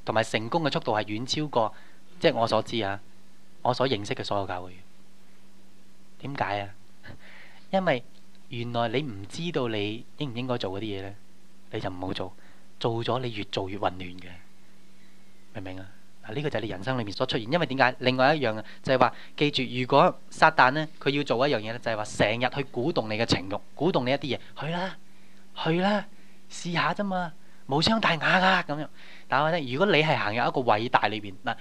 同埋成功嘅速度係遠超過，即係我所知啊！我所認識嘅所有教會，點解啊？因為原來你唔知道你應唔應該做嗰啲嘢咧，你就唔好做。做咗你越做越混亂嘅，明唔明啊？嗱，呢個就係你人生裏面所出現。因為點解？另外一樣啊，就係話記住，如果撒旦咧，佢要做一樣嘢咧，就係話成日去鼓動你嘅情慾，鼓動你一啲嘢去啦。去啦，試下啫嘛，無傷大雅噶，咁樣。但係我覺得，如果你係行入一個偉大裏邊嗱，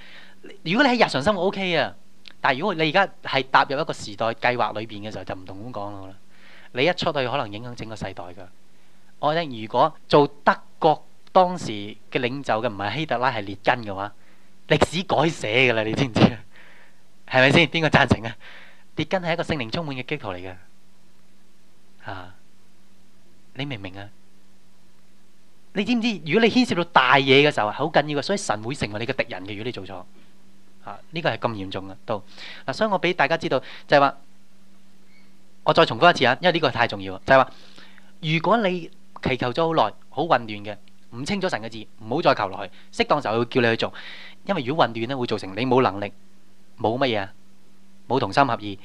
如果你喺日常生活 O K 啊，但係如果你而家係踏入一個時代計劃裏邊嘅時候，就唔同咁講啦。好啦，你一出去可能影響整個世代噶。我覺得如果做德國當時嘅領袖嘅唔係希特拉係列根嘅話，歷史改寫噶啦，你知唔知啊？係咪先？邊個贊成啊？列根係一個聖靈充滿嘅基督徒嚟嘅，嚇、啊。你明唔明啊？你知唔知？如果你牽涉到大嘢嘅時候，係好緊要嘅，所以神會成為你嘅敵人嘅。如果你做錯，吓呢個係咁嚴重嘅都嗱，所以我俾大家知道就係話，我再重複一次啊，因為呢個太重要。就係話，如果你祈求咗好耐，好混亂嘅，唔清咗神嘅字，唔好再求落去。適當時候會叫你去做，因為如果混亂咧，會造成你冇能力，冇乜嘢，冇同心合意。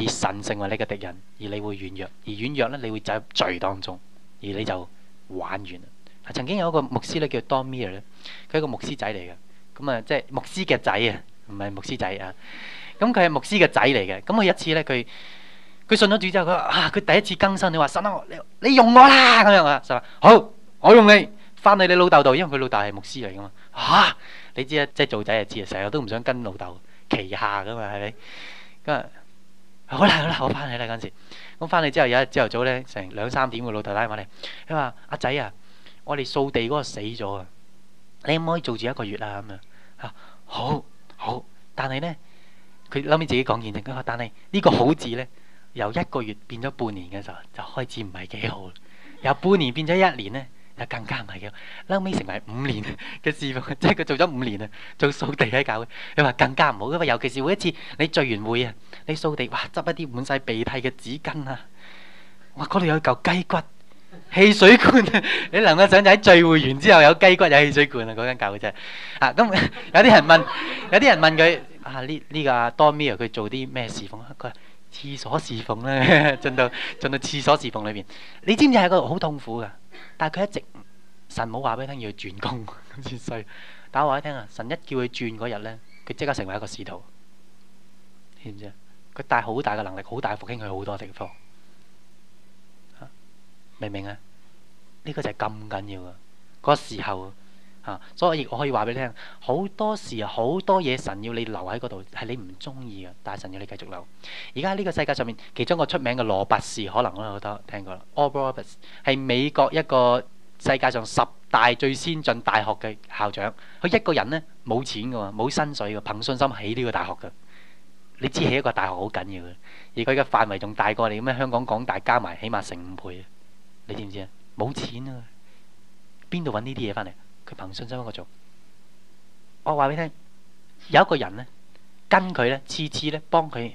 以神成為你嘅敵人，而你會軟弱，而軟弱咧，你會走入罪當中，而你就玩完啦。曾經有一個牧師咧叫多米爾咧，佢係一個牧師仔嚟嘅，咁啊即係牧師嘅仔啊，唔係牧師仔啊。咁佢係牧師嘅仔嚟嘅，咁佢一次咧佢佢信咗主之後，佢啊佢第一次更新，你話神啊，你你用我啦咁樣啊，就話好，我用你翻去你老豆度，因為佢老豆係牧師嚟嘅嘛嚇。你知啊，即係做仔就知啊，成日都唔想跟老豆旗下嘅嘛，係咪咁啊？好啦好啦，我翻嚟啦嗰陣時，咁翻嚟之後，有一朝頭早咧，成兩三點個老太拉我你。佢話：阿仔啊，我哋掃地嗰個死咗啊！你唔可以做住一個月啊？咁樣嚇，好好，但係咧，佢後起自己講完之，佢話：但係呢個好字咧，由一個月變咗半年嘅時候，就開始唔係幾好；由半年變咗一年咧。又更加唔係嘅，後屘成為五年嘅侍奉，即係佢做咗五年啊，做掃地喺教嘅。你話更加唔好，因為尤其是每一次你聚完會啊，你掃地哇執一啲滿曬鼻涕嘅紙巾啊，哇嗰度有嚿雞骨、汽水罐，你諗下想唔想聚會完之後有雞骨有汽水罐啊？嗰間教嘅真係啊，咁有啲人問，有啲人問佢啊呢呢個阿多米啊，佢做啲咩侍奉啊？佢話廁所侍奉啦，進到進到廁所侍奉裏邊，你知唔知喺個度好痛苦㗎？但係佢一直神冇話俾佢聽要去轉工，咁衰。但我話你聽啊，神一叫佢轉嗰日呢，佢即刻成為一個使徒，知唔知啊？佢帶好大嘅能力，好大嘅復興去好多地方，明唔明啊？呢、這個就係咁緊要噶，嗰時候。啊！所以，我可以話俾你聽，好多時好多嘢，神要你留喺嗰度，係你唔中意嘅，但係神要你繼續留。而家呢個世界上面，其中一個出名嘅羅拔士可能我好多聽過啦。Oral Roberts 係美國一個世界上十大最先進大學嘅校長。佢一個人呢，冇錢嘅喎，冇薪水嘅，憑信心起呢個大學嘅。你知起一個大學好緊要嘅，而佢嘅範圍仲大過你咁香港港大加埋，起碼成五倍。你知唔知啊？冇錢啊！邊度揾呢啲嘢翻嚟？佢憑信心喺度做。我話俾你聽，有一個人咧，跟佢咧，次次咧幫佢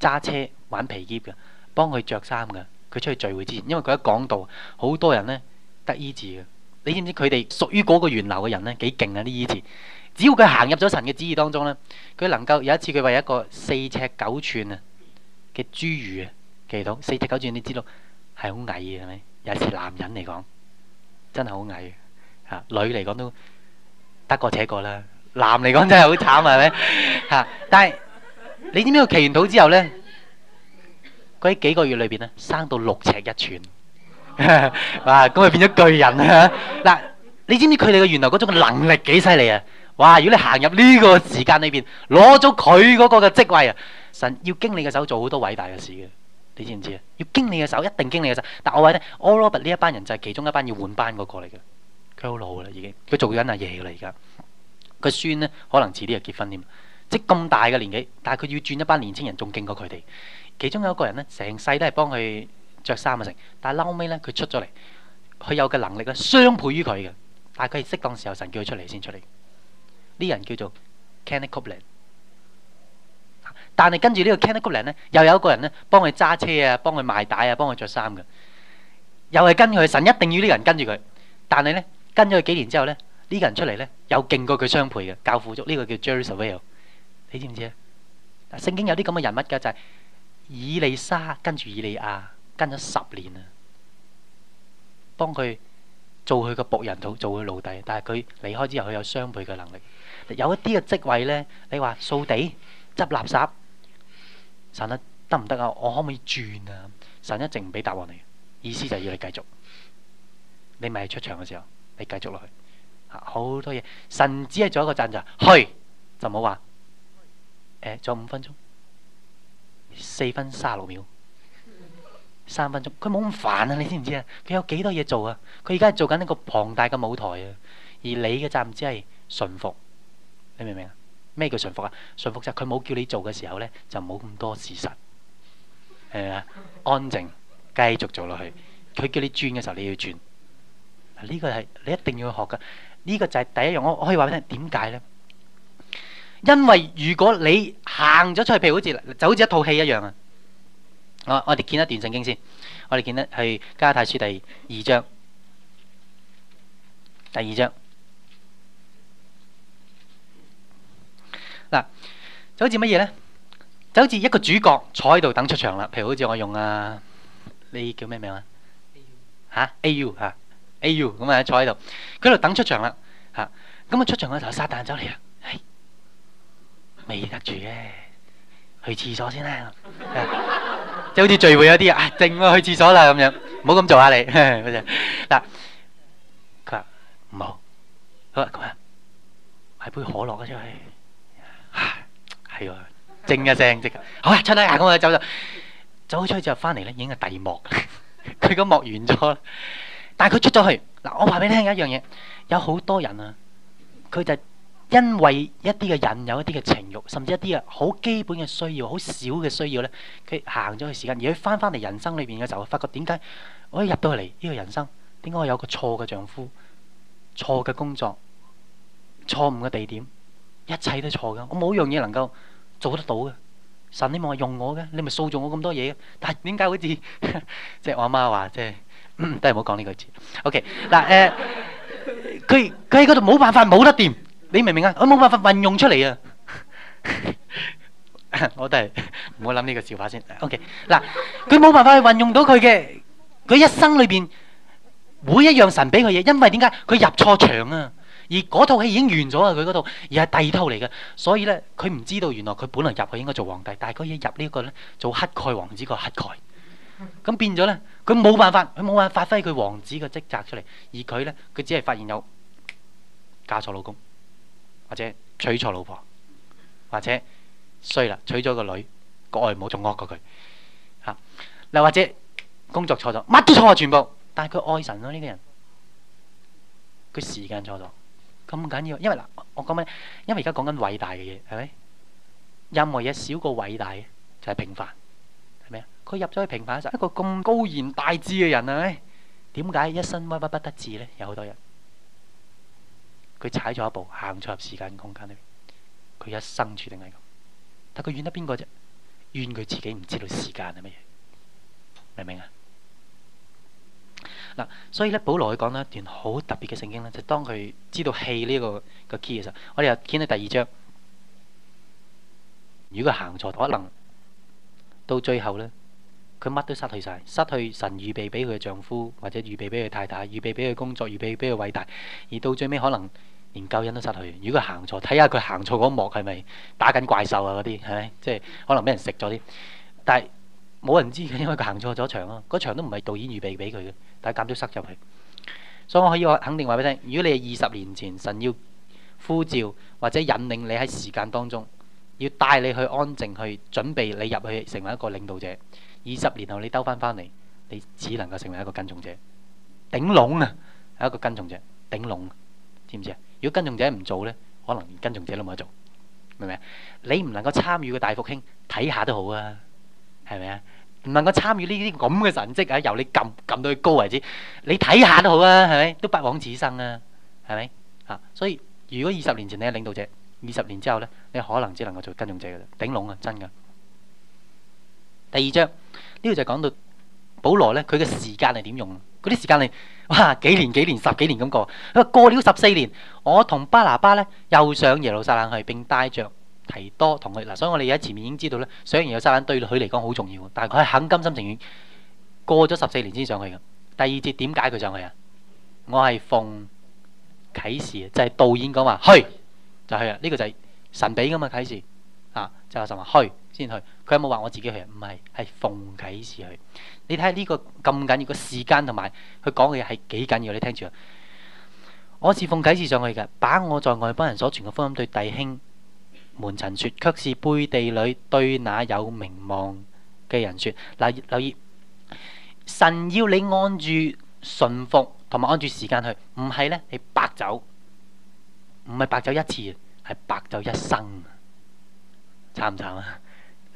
揸車玩皮篋嘅，幫佢着衫嘅。佢出去聚會之前，因為佢一講道，好多人咧得醫治嘅。你知唔知佢哋屬於嗰個源流嘅人咧幾勁啊？啲醫治，只要佢行入咗神嘅旨意當中咧，佢能夠有一次佢為一個四尺九寸啊嘅侏儒啊，祈禱。四尺九寸，你知道係好矮嘅，係咪？尤其是男人嚟講，真係好矮。嚇，女嚟講都得過且過啦。男嚟講真係好慘啊，係咪嚇？但係你知唔知佢祈完禱之後咧，佢喺幾個月裏邊咧生到六尺一寸，哇！咁咪變咗巨人啊！嗱，你知唔知佢哋嘅原來嗰種嘅能力幾犀利啊？哇！如果你行入呢個時間裏邊，攞咗佢嗰個嘅職位啊，神要經你嘅手做好多偉大嘅事嘅，你知唔知啊？要經你嘅手，一定經你嘅手。但係我話咧，All Robert 呢一班人就係其中一班要換班嗰個嚟嘅。佢好老啦，已經佢做緊阿爺啦，而家個孫咧可能遲啲就結婚添。即係咁大嘅年紀，但係佢要轉一班年青人，仲勁過佢哋。其中有個人咧，成世都係幫佢著衫啊，成。但係後屘咧，佢出咗嚟，佢有嘅能力咧，相配於佢嘅。但係佢係適當時候，神叫佢出嚟先出嚟。呢人叫做 Kenneth Copeland。但係跟住呢個 Kenneth Copeland 咧，又有個人咧幫佢揸車啊，幫佢賣帶啊，幫佢著衫嘅。又係跟佢，神一定要呢個人跟住佢。但係咧。跟咗佢幾年之後咧，呢、這個人出嚟咧又勁過佢雙倍嘅，教富足。呢、這個叫 Jerry Savelle 你知唔知咧？聖經有啲咁嘅人物嘅就係、是、以利沙跟住以利亞跟咗十年啊，幫佢做佢個僕人做做佢奴隸，但係佢離開之後佢有雙倍嘅能力。有一啲嘅職位咧，你話掃地、執垃圾，神得得唔得啊？我可唔可以轉啊？神一直唔俾答案你，意思就係要你繼續，你咪係出場嘅時候。你繼續落去，好多嘢。神只係做一個站就去，就冇話。誒、欸，仲有五分鐘，四分卅六秒，三分鐘。佢冇咁煩啊！你知唔知啊？佢有幾多嘢做啊？佢而家係做緊一個龐大嘅舞台啊！而你嘅站只係順服，你明唔明啊？咩叫順服啊？順服就係佢冇叫你做嘅時候咧，就冇咁多事實，係咪啊？安靜，繼續做落去。佢叫你轉嘅時候，你要轉。嗱，呢個係你一定要去學嘅。呢個就係第一樣，我我可以話俾你聽點解呢？因為如果你行咗出去，譬如好似就好似一套戲一樣啊！我我哋見一段聖經先，我哋見得去加太書第二章，第二章。嗱，就好似乜嘢呢？就好似一個主角坐喺度等出場啦。譬如好似我用啊，你叫咩名啊？嚇，A U 嚇。哎呦，咁啊坐喺度，佢喺度等出場啦嚇，咁啊出場咧就撒旦走嚟啊，未得住嘅，去廁所先啦，即係好似聚會有啲啊靜啊去廁所啦咁樣，唔好咁做下你嗱，佢話唔好，佢話咁啊買杯可樂啊出去，係啊靜一聲即係，好啊出得嚟咁啊走咗走咗出去之後翻嚟咧已經係第二幕，佢個幕完咗。但係佢出咗去嗱，我話俾你聽一樣嘢，有好多人啊，佢就因為一啲嘅人有一啲嘅情欲，甚至一啲啊好基本嘅需要，好少嘅需要咧，佢行咗去時間，而佢翻翻嚟人生裏邊嘅時候，發覺點解我一入到嚟呢個人生，點解我有個錯嘅丈夫、錯嘅工作、錯誤嘅地點，一切都錯噶，我冇一樣嘢能夠做得到嘅，神你唔係用我嘅，你咪塑造我咁多嘢，但係點解好似即係我阿媽話即係。都係唔好講呢個字。OK，嗱，誒、呃，佢佢喺嗰度冇辦法冇得掂，你明唔明啊？我冇辦法運用出嚟啊！ 我都係唔好諗呢個笑話先。OK，嗱，佢冇辦法去運用到佢嘅，佢一生裏邊每一樣神俾佢嘢，因為點解？佢入錯場啊！而嗰套戲已經完咗啊，佢嗰套，而係第二套嚟嘅，所以咧，佢唔知道原來佢本來入去應該做皇帝，但係佢要入呢、呢個咧做乞丐王子個乞丐。咁變咗咧，佢冇辦法，佢冇辦法發揮佢王子嘅職責出嚟，而佢咧，佢只係發現有嫁錯老公，或者娶錯老婆，或者衰啦，娶咗個女個外母仲惡過佢，吓，又或者工作錯咗，乜都錯全部，但係佢愛神咯呢個人，佢時間錯咗，咁緊要，因為嗱，我講咩？因為而家講緊偉大嘅嘢，係咪？任何嘢少過偉大嘅就係平凡。佢入咗去平凡的，就一個咁高言大志嘅人啊！嘿，點解一身屈屈不，不得志咧？有好多人，佢踩咗一步，行錯入時間空間裏面，佢一生注定係咁。但佢怨得邊個啫？怨佢自己唔知道時間係乜嘢，明唔明啊？嗱，所以咧，保羅佢講一段好特別嘅聖經咧，就是、當佢知道氣呢、這個、這個 key 嘅時候，我哋又見到第二章。如果佢行錯，可能到最後咧。佢乜都失去晒，失去神預備俾佢嘅丈夫，或者預備俾佢太太，預備俾佢工作，預備俾佢偉大。而到最尾可能連救恩都失去。如果佢行錯，睇下佢行錯嗰幕係咪打緊怪獸啊？嗰啲係咪即係可能俾人食咗啲？但係冇人知，佢，因為佢行錯咗場啊！嗰場都唔係導演預備俾佢嘅，但係監都塞入去。所以我可以話肯定話俾你聽：如果你係二十年前，神要呼召或者引領你喺時間當中，要帶你去安靜去準備你入去成為一個領導者。二十年後你兜翻翻嚟，你只能夠成為一個跟從者，頂籠啊！係一個跟從者，頂籠，知唔知啊？如果跟從者唔做呢，可能連跟從者都冇得做，明唔明啊？你唔能夠參與嘅大復興，睇下都好啊，係咪啊？唔能夠參與呢啲咁嘅神蹟啊，由你撳撳到去高為止，你睇下都好啊，係咪？都不枉此生啊，係咪啊？所以如果二十年前你係領導者，二十年之後呢，你可能只能夠做跟從者嘅啦，頂籠啊，真噶。第二章呢度就講到保羅呢，佢嘅時間係點用的？嗰啲時間嚟，哇幾年幾年，幾年十幾年咁過，因為過了十四年，我同巴拿巴呢又上耶路撒冷去，並帶着提多同佢，嗱，所以我哋而家前面已經知道咧，上耶路撒冷對佢嚟講好重要但係佢肯甘心情願過咗十四年先上去嘅。第二節點解佢上去啊？我係奉啟示就係導演講話去，就係啦，呢個就係神俾嘅嘛啟示啊，就話去。先去，佢有冇話我自己去？唔係，係奉啟示去。你睇下呢個咁緊要個時間同埋佢講嘅嘢係幾緊要？你聽住，我是奉啟示上去嘅，把我在外邦人所傳嘅福音對弟兄門陳說，卻是背地裏對那有名望嘅人說。嗱，留意神要你按住順服同埋按住時間去，唔係咧你白走，唔係白走一次，係白走一生，慘唔慘啊？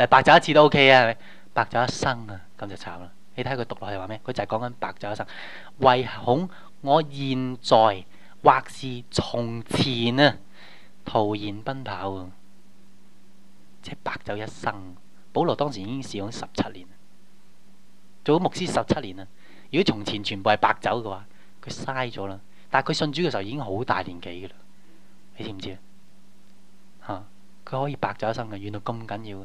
白走一次都 O K 啊，白走一生啊，咁就慘啦。你睇佢讀落去話咩？佢就係講緊白走一生，唯恐我現在或是從前啊，徒然奔跑啊，即係白走一生。保羅當時已經事奉十七年，做咗牧師十七年啊。如果從前全部係白走嘅話，佢嘥咗啦。但係佢信主嘅時候已經好大年紀㗎啦，你知唔知啊？嚇，佢可以白走一生啊，原來咁緊要。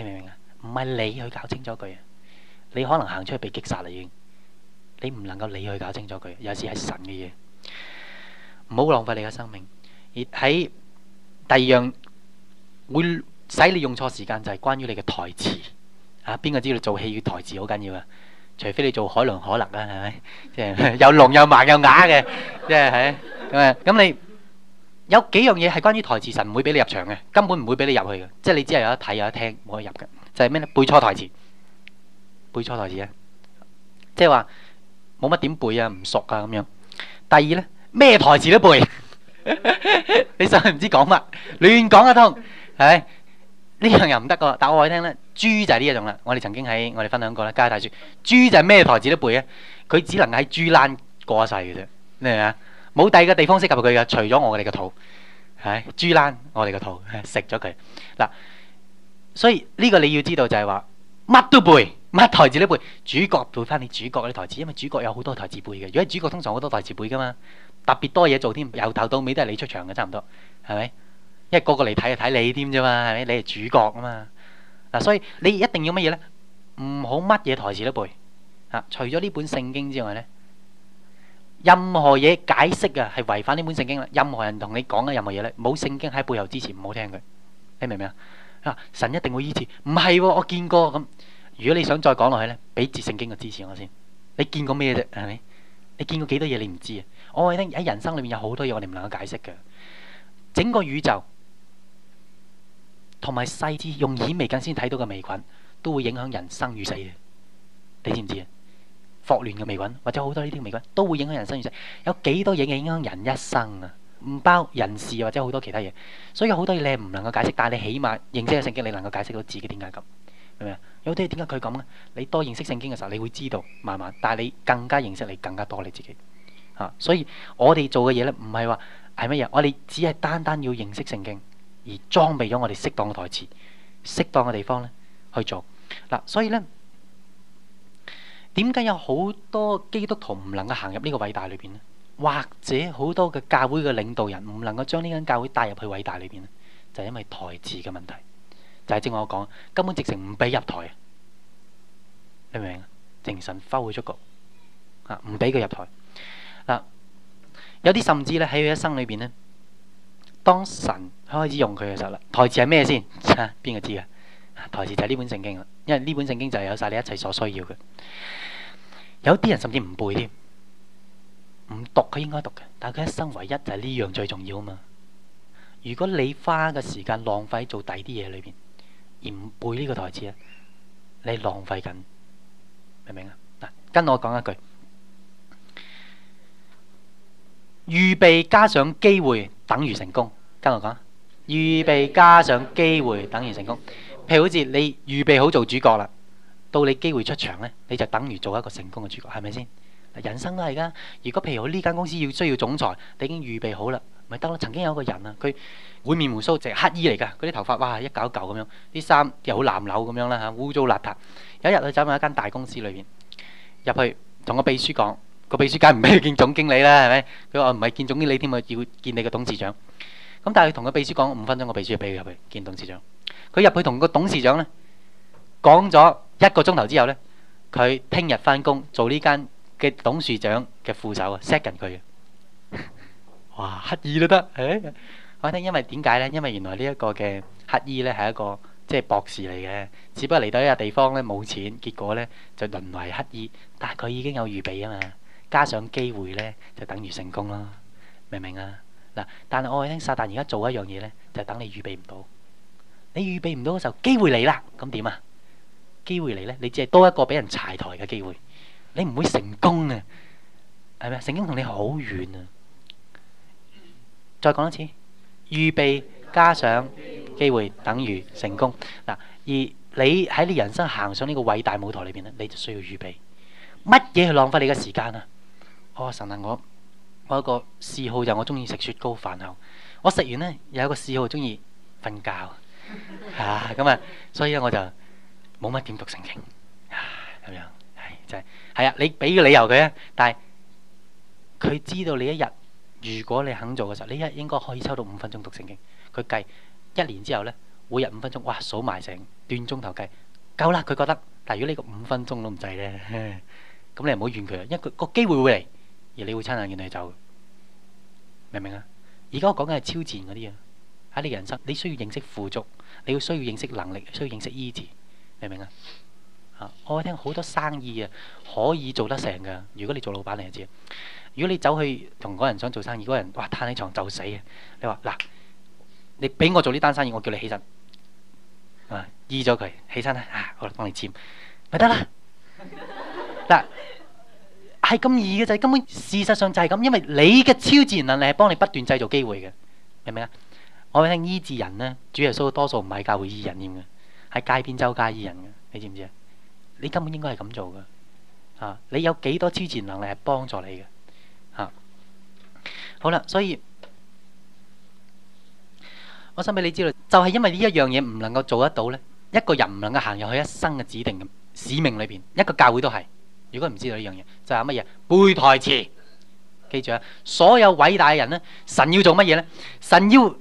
你明唔明啊？唔係你去搞清楚佢，你可能行出去被擊殺啦已經。你唔能夠你去搞清楚佢，有時係神嘅嘢。唔好浪費你嘅生命。而喺第二樣會使你用錯時間就係、是、關於你嘅台詞啊！邊個知道你做戲要台詞好緊要啊？除非你做海倫凱勒啊，係咪？即係又聾又盲又啞嘅，即係喺咁咁你。有幾樣嘢係關於台詞，神唔會俾你入場嘅，根本唔會俾你入去嘅，即係你只係有得睇有得聽，冇得入嘅。就係咩咧？背錯台詞，背錯台詞啊！即係話冇乜點背啊，唔熟啊咁樣。第二咧，咩台詞都背，你真係唔知講乜，亂講一通，係咪？呢樣又唔得噶。但係我話你聽咧，豬就係呢一種啦。我哋曾經喺我哋分享過啦，家下大樹，豬就係咩台詞都背啊，佢只能喺豬欄過一世嘅啫，咩啊？冇第二個地方適合佢嘅，除咗我哋個肚，係豬欄，我哋個肚食咗佢嗱。所以呢個你要知道就係話，乜都背，乜台詞都背，主角背翻你主角嗰啲台詞，因為主角有好多台詞背嘅。如果主角通常好多台詞背㗎嘛，特別多嘢做添，由頭到尾都係你出場嘅差唔多，係咪？因為個個嚟睇睇你添啫嘛，係咪？你係主角啊嘛。嗱，所以你一定要乜嘢咧？唔好乜嘢台詞都背吓，除咗呢本聖經之外咧。任何嘢解釋啊，係違反呢本聖經啦！任何人同你講嘅任何嘢咧，冇聖經喺背後支持，唔好聽佢，你明唔明啊？啊，神一定會支持，唔係、啊、我見過咁。如果你想再講落去咧，俾住聖經嘅支持我先。你見過咩啫？係咪？你見過幾多嘢？你唔知啊！我話你聽，喺人生裏面有好多嘢我哋唔能夠解釋嘅，整個宇宙同埋細之用顯微鏡先睇到嘅微菌，都會影響人生與死嘅。你知唔知啊？霍亂嘅微菌，或者好多呢啲微菌都會影響人生現實。有幾多嘢影響人一生啊？唔包人事或者好多其他嘢。所以有好多嘢你唔能夠解釋，但係你起碼認識嘅聖經，你能夠解釋到自己點解咁，明唔明啊？有啲嘢點解佢咁咧？你多認識聖經嘅時候，你會知道慢慢。但係你更加認識你更加多你自己啊！所以我哋做嘅嘢咧，唔係話係乜嘢？我哋只係單單要認識聖經，而裝備咗我哋適當嘅台詞、適當嘅地方咧去做嗱、啊。所以咧。點解有好多基督徒唔能夠行入呢個偉大裏邊咧？或者好多嘅教會嘅領導人唔能夠將呢間教會帶入去偉大裏邊咧？就係、是、因為台詞嘅問題，就係正我講，根本直情唔俾入台，你明唔明啊？精神花會出局啊，唔俾佢入台。嗱，有啲甚至咧喺佢一生裏邊呢，當神開始用佢嘅時候啦，台詞係咩先？邊個知啊？台詞就係呢本聖經啦，因為呢本聖經就有晒你一切所需要嘅。有啲人甚至唔背添，唔讀佢應該讀嘅，但係佢一生唯一就係呢樣最重要啊嘛。如果你花嘅時間浪費做第啲嘢裏邊，而唔背呢個台詞啊，你浪費緊，明唔明啊？嗱，跟我講一句，預備加上機會等於成功。跟我講，預備加上機會等於成功。譬如好似你預備好做主角啦，到你機會出場咧，你就等於做一個成功嘅主角，係咪先？人生都係噶。如果譬如我呢間公司要需要總裁，你已經預備好啦，咪得咯。曾經有個人啊，佢滿面胡鬚，淨係乞衣嚟㗎。佢啲頭髮哇一嚿一嚿咁樣，啲衫又好襤褸咁樣啦嚇，污糟邋遢。有一日佢走入一間大公司裏面，入去同個秘書講，個秘書梗唔係去見總經理啦，係咪？佢話唔係見總經理添啊，要見你個董事長。咁但係佢同個秘書講五分鐘，個秘書就俾佢入去見董事長。佢入去同個董事長咧講咗一個鐘頭之後咧，佢聽日翻工做呢間嘅董事長嘅副手啊，set 緊佢。哇，乞兒都得，誒！我聽，因為點解咧？因為原來呢一個嘅乞兒咧係一個即係博士嚟嘅，只不過嚟到呢個地方咧冇錢，結果咧就淪為乞兒。但係佢已經有預備啊嘛，加上機會咧就等於成功咯，明唔明啊？嗱，但係我聽撒旦而家做一樣嘢咧，就等你預備唔到。你預備唔到嘅時候，機會嚟啦，咁點啊？機會嚟呢，你只係多一個俾人柴台嘅機會，你唔會成功嘅，係咪啊？成功同你好遠啊！再講一次，預備加上機會等於成功，係咪啊？而你喺你人生行上呢個偉大舞台裏邊咧，你就需要預備。乜嘢係浪費你嘅時間啊？哦，我神啊！我我有一個嗜好就我中意食雪糕，飯後，我食完呢，有一個嗜好中意瞓覺。吓咁 啊！所以咧我就冇乜點讀聖經，咁、啊、樣係真係係啊！你俾個理由佢啊，但係佢知道你一日如果你肯做嘅時候，你一日應該可以抽到五分鐘讀聖經。佢計一年之後咧，每日五分鐘，哇，數埋成段鐘頭計夠啦！佢覺得，但係如果呢個五分鐘都唔制咧，咁你唔好怨佢，因為佢個機會會嚟，而你會親眼見你走。明唔明啊？而家我講緊係超前嗰啲嘢喺你人生，你需要認識富足。你要需要認識能力，需要認識醫治，明唔明啊？啊，我聽好多生意啊，可以做得成噶。如果你做老闆你就知。如果你走去同嗰人想做生意，嗰人哇，攤喺床就死啊！你話嗱，你俾我做呢單生意，我叫你起身啊，醫咗佢起身啦，啊，好啦，幫、啊、你簽，咪得啦。嗱， 係咁易嘅就係根本事實上就係咁，因為你嘅超自然能力係幫你不斷製造機會嘅，明唔明啊？我聽醫治人咧，主耶穌多數唔係教會醫治人嘅，係街邊周街醫人嘅，你知唔知啊？你根本應該係咁做嘅，吓、啊、你有幾多超前能力係幫助你嘅，吓、啊、好啦，所以我想俾你知道，就係因為呢一樣嘢唔能夠做得到咧，一個人唔能夠行入去一生嘅指定嘅使命裏邊，一個教會都係。如果唔知道呢樣嘢，就係乜嘢？背台詞，記住啊！所有偉大嘅人咧，神要做乜嘢咧？神要。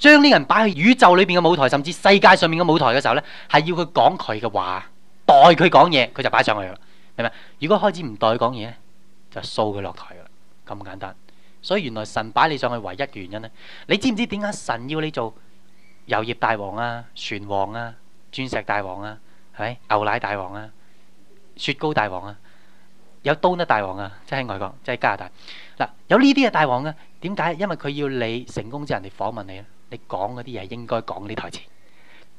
將呢人擺喺宇宙裏邊嘅舞台，甚至世界上面嘅舞台嘅時候呢，係要佢講佢嘅話，代佢講嘢，佢就擺上去咯。明白？如果開始唔代佢講嘢，就掃佢落台噶啦，咁簡單。所以原來神擺你上去唯一原因呢，你知唔知點解神要你做油葉大王啊、船王啊、鑽石大王啊、係牛奶大王啊、雪糕大王啊、有刀呢大王啊？即係外國，即係加拿大嗱，有呢啲嘅大王嘅點解？因為佢要你成功之後，人哋訪問你啊。你講嗰啲嘢係應該講嗰啲台詞，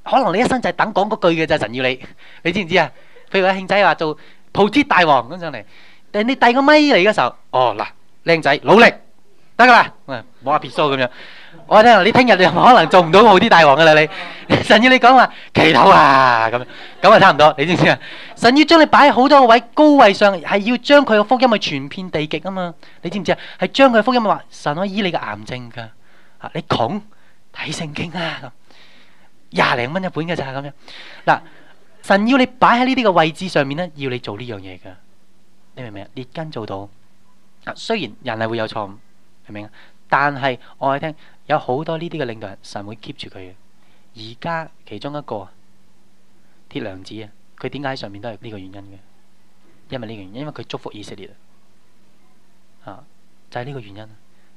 可能你一生就係等講嗰句嘅就係神要你，你知唔知啊？譬如阿慶仔話做鋪貼大王咁上嚟，等你遞個咪嚟嗰時候，哦嗱，靚仔努力得噶啦，摸阿皮蘇咁樣。我話聽啊，你聽日就可能做唔到鋪貼大王噶啦。你神要你講話祈禱啊，咁樣咁啊，差唔多。你知唔知啊？神要將你擺喺好多個位高位上，係要將佢嘅福音咪傳遍地極啊嘛？你知唔知啊？係將佢嘅福音咪話神可以醫你嘅癌症㗎嚇，你窮。睇聖經啊，咁，廿零蚊一本嘅咋咁樣？嗱，神要你擺喺呢啲嘅位置上面咧，要你做呢樣嘢嘅，你明唔明啊？列根做到，啊，雖然人係會有錯誤，明唔明啊？但係我話你聽有好多呢啲嘅領導人，神會 keep 住佢嘅。而家其中一個鐵娘子啊，佢點解喺上面都係呢個原因嘅？因為呢個原因，因為佢祝福以色列啊，就係呢個原因。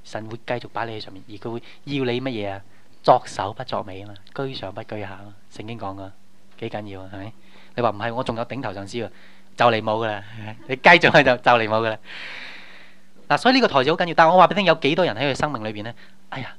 神會繼續擺你喺上面，而佢會要你乜嘢啊？作首不作尾啊嘛，居上不居下啊嘛，聖經講過，幾緊要啊，係咪？你話唔係，我仲有頂頭上司喎，就嚟冇噶啦，你繼續喺度就嚟冇噶啦。嗱，所以呢個台詞好緊要，但我話俾你聽，有幾多人喺佢生命裏邊咧？哎呀，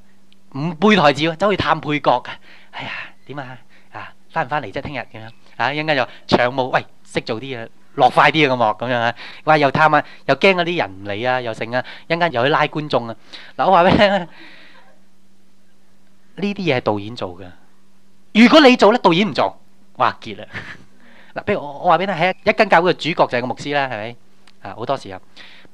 唔背台詞啊，走去探配角啊。哎呀，點啊？啊，翻唔翻嚟即係？聽日咁樣。啊，一間又長務，喂，識做啲嘢，落快啲啊咁啊，咁樣啊。哇，又探啊，又驚嗰啲人唔理啊，又剩啊，一間又去拉觀眾啊。嗱，我話俾你聽。呢啲嘢係導演做嘅。如果你做咧，導演唔做，嘩結啦。嗱，不如我我話俾你聽，喺一間教會嘅主角就係個牧師啦，係咪？啊，好多時候，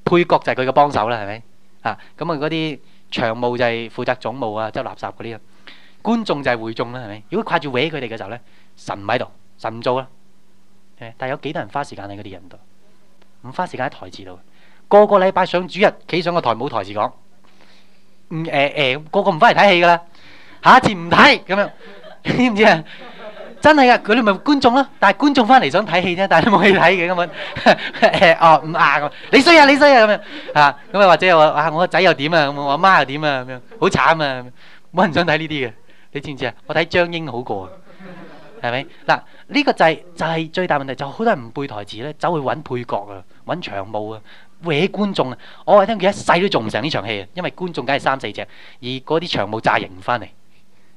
配角就係佢嘅幫手啦，係咪？啊，咁啊，嗰啲場務就係負責總務啊，執垃圾嗰啲啊。觀眾就係會眾啦，係咪？如果掛住搲佢哋嘅時候咧，神唔喺度，神唔做啦。誒，但係有幾多人花時間喺嗰啲人度？唔花時間喺台詞度。個個禮拜上主日企上個台，冇台詞講。唔誒誒，個個唔翻嚟睇戲㗎啦。下一次唔睇咁樣，你知唔知啊？真係噶，佢哋咪觀眾咯。但係觀眾翻嚟想睇戲啫，但係冇戲睇嘅根本。誒哦，唔啊咁。你衰啊，你衰啊咁樣嚇。咁啊或者又話啊，我個仔又點啊？我阿媽又點啊？咁樣好慘啊！冇人想睇呢啲嘅，你知唔知啊？我睇張瑛好過，係咪？嗱，呢個就係就係最大問題，就係好多人都唔背台詞咧，走去揾配角啊，揾場務啊，搲觀眾啊。我話聽佢一世都做唔成呢場戲啊，因為觀眾梗係三四隻，而嗰啲場務炸型唔翻嚟。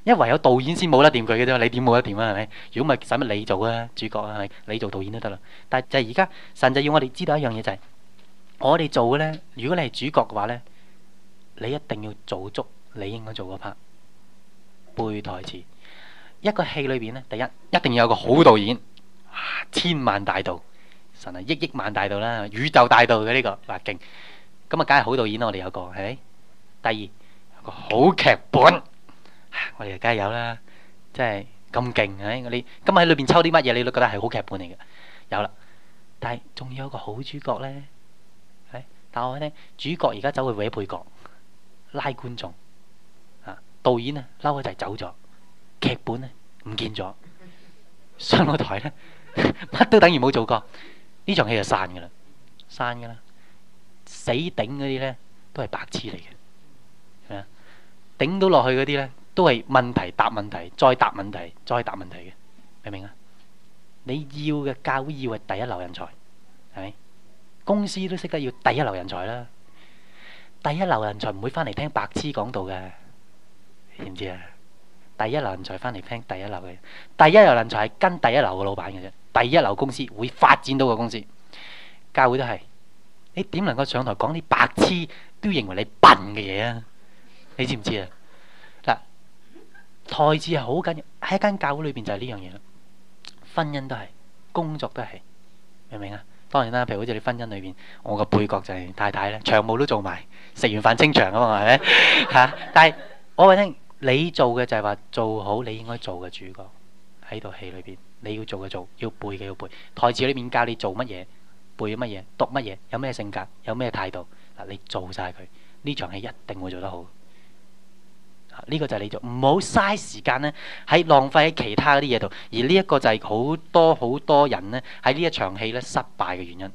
因為唯有導演先冇得掂佢嘅啫，你點冇得掂啊？係咪？如果唔係使乜你做啊？主角係、啊、咪？你做導演都得啦、啊。但係就係而家神就要我哋知道一樣嘢就係、是，我哋做嘅咧，如果你係主角嘅話咧，你一定要做足你應該做嘅 part，背台詞。一個戲裏邊咧，第一一定要有個好導演，哇，千萬大導，神係億億萬大導啦，宇宙大導嘅呢、這個，哇勁！咁啊，梗係好導演啦，我哋有個係咪？第二有個好劇本。我哋梗係有啦，真係咁勁！哎，你今日喺裏邊抽啲乜嘢，你都覺得係好劇本嚟嘅，有啦。但係仲要有個好主角咧，哎，但係我咧主角而家走去搲配角，拉觀眾，啊，導演啊嬲佢就走咗，劇本咧唔見咗，上個台咧乜都等於冇做過，呢場戲就散噶啦，散噶啦，死頂嗰啲咧都係白痴嚟嘅，係啊，頂到落去嗰啲咧。都係問題答問題，再答問題，再答問題嘅，明唔明啊？你要嘅教會要係第一流人才，係咪？公司都識得要第一流人才啦。第一流人才唔會翻嚟聽白痴講道嘅，你知唔知啊？第一流人才翻嚟聽第一流嘅，第一流人才係跟第一流嘅老闆嘅啫。第一流公司會發展到個公司，教會都係。你點能夠上台講啲白痴都認為你笨嘅嘢啊？你知唔知啊？台詞係好緊要，喺一間教會裏邊就係呢樣嘢啦。婚姻都係，工作都係，明唔明啊？當然啦，譬如好似你婚姻裏邊，我個配角就係、是、太太咧，長務都做埋，食完飯清場噶嘛，係咪？吓、 啊，但係我話聽你，你做嘅就係話做好你應該做嘅主角在這戲面，喺套戲裏邊你要做嘅做，要背嘅要背，台詞裏邊教你做乜嘢，背乜嘢，讀乜嘢，有咩性格，有咩態度，嗱，你做晒佢，呢場戲一定會做得好。呢個就係你做唔好嘥時間咧，喺浪費喺其他嗰啲嘢度。而呢一個就係好多好多人咧喺呢一場戲咧失敗嘅原因，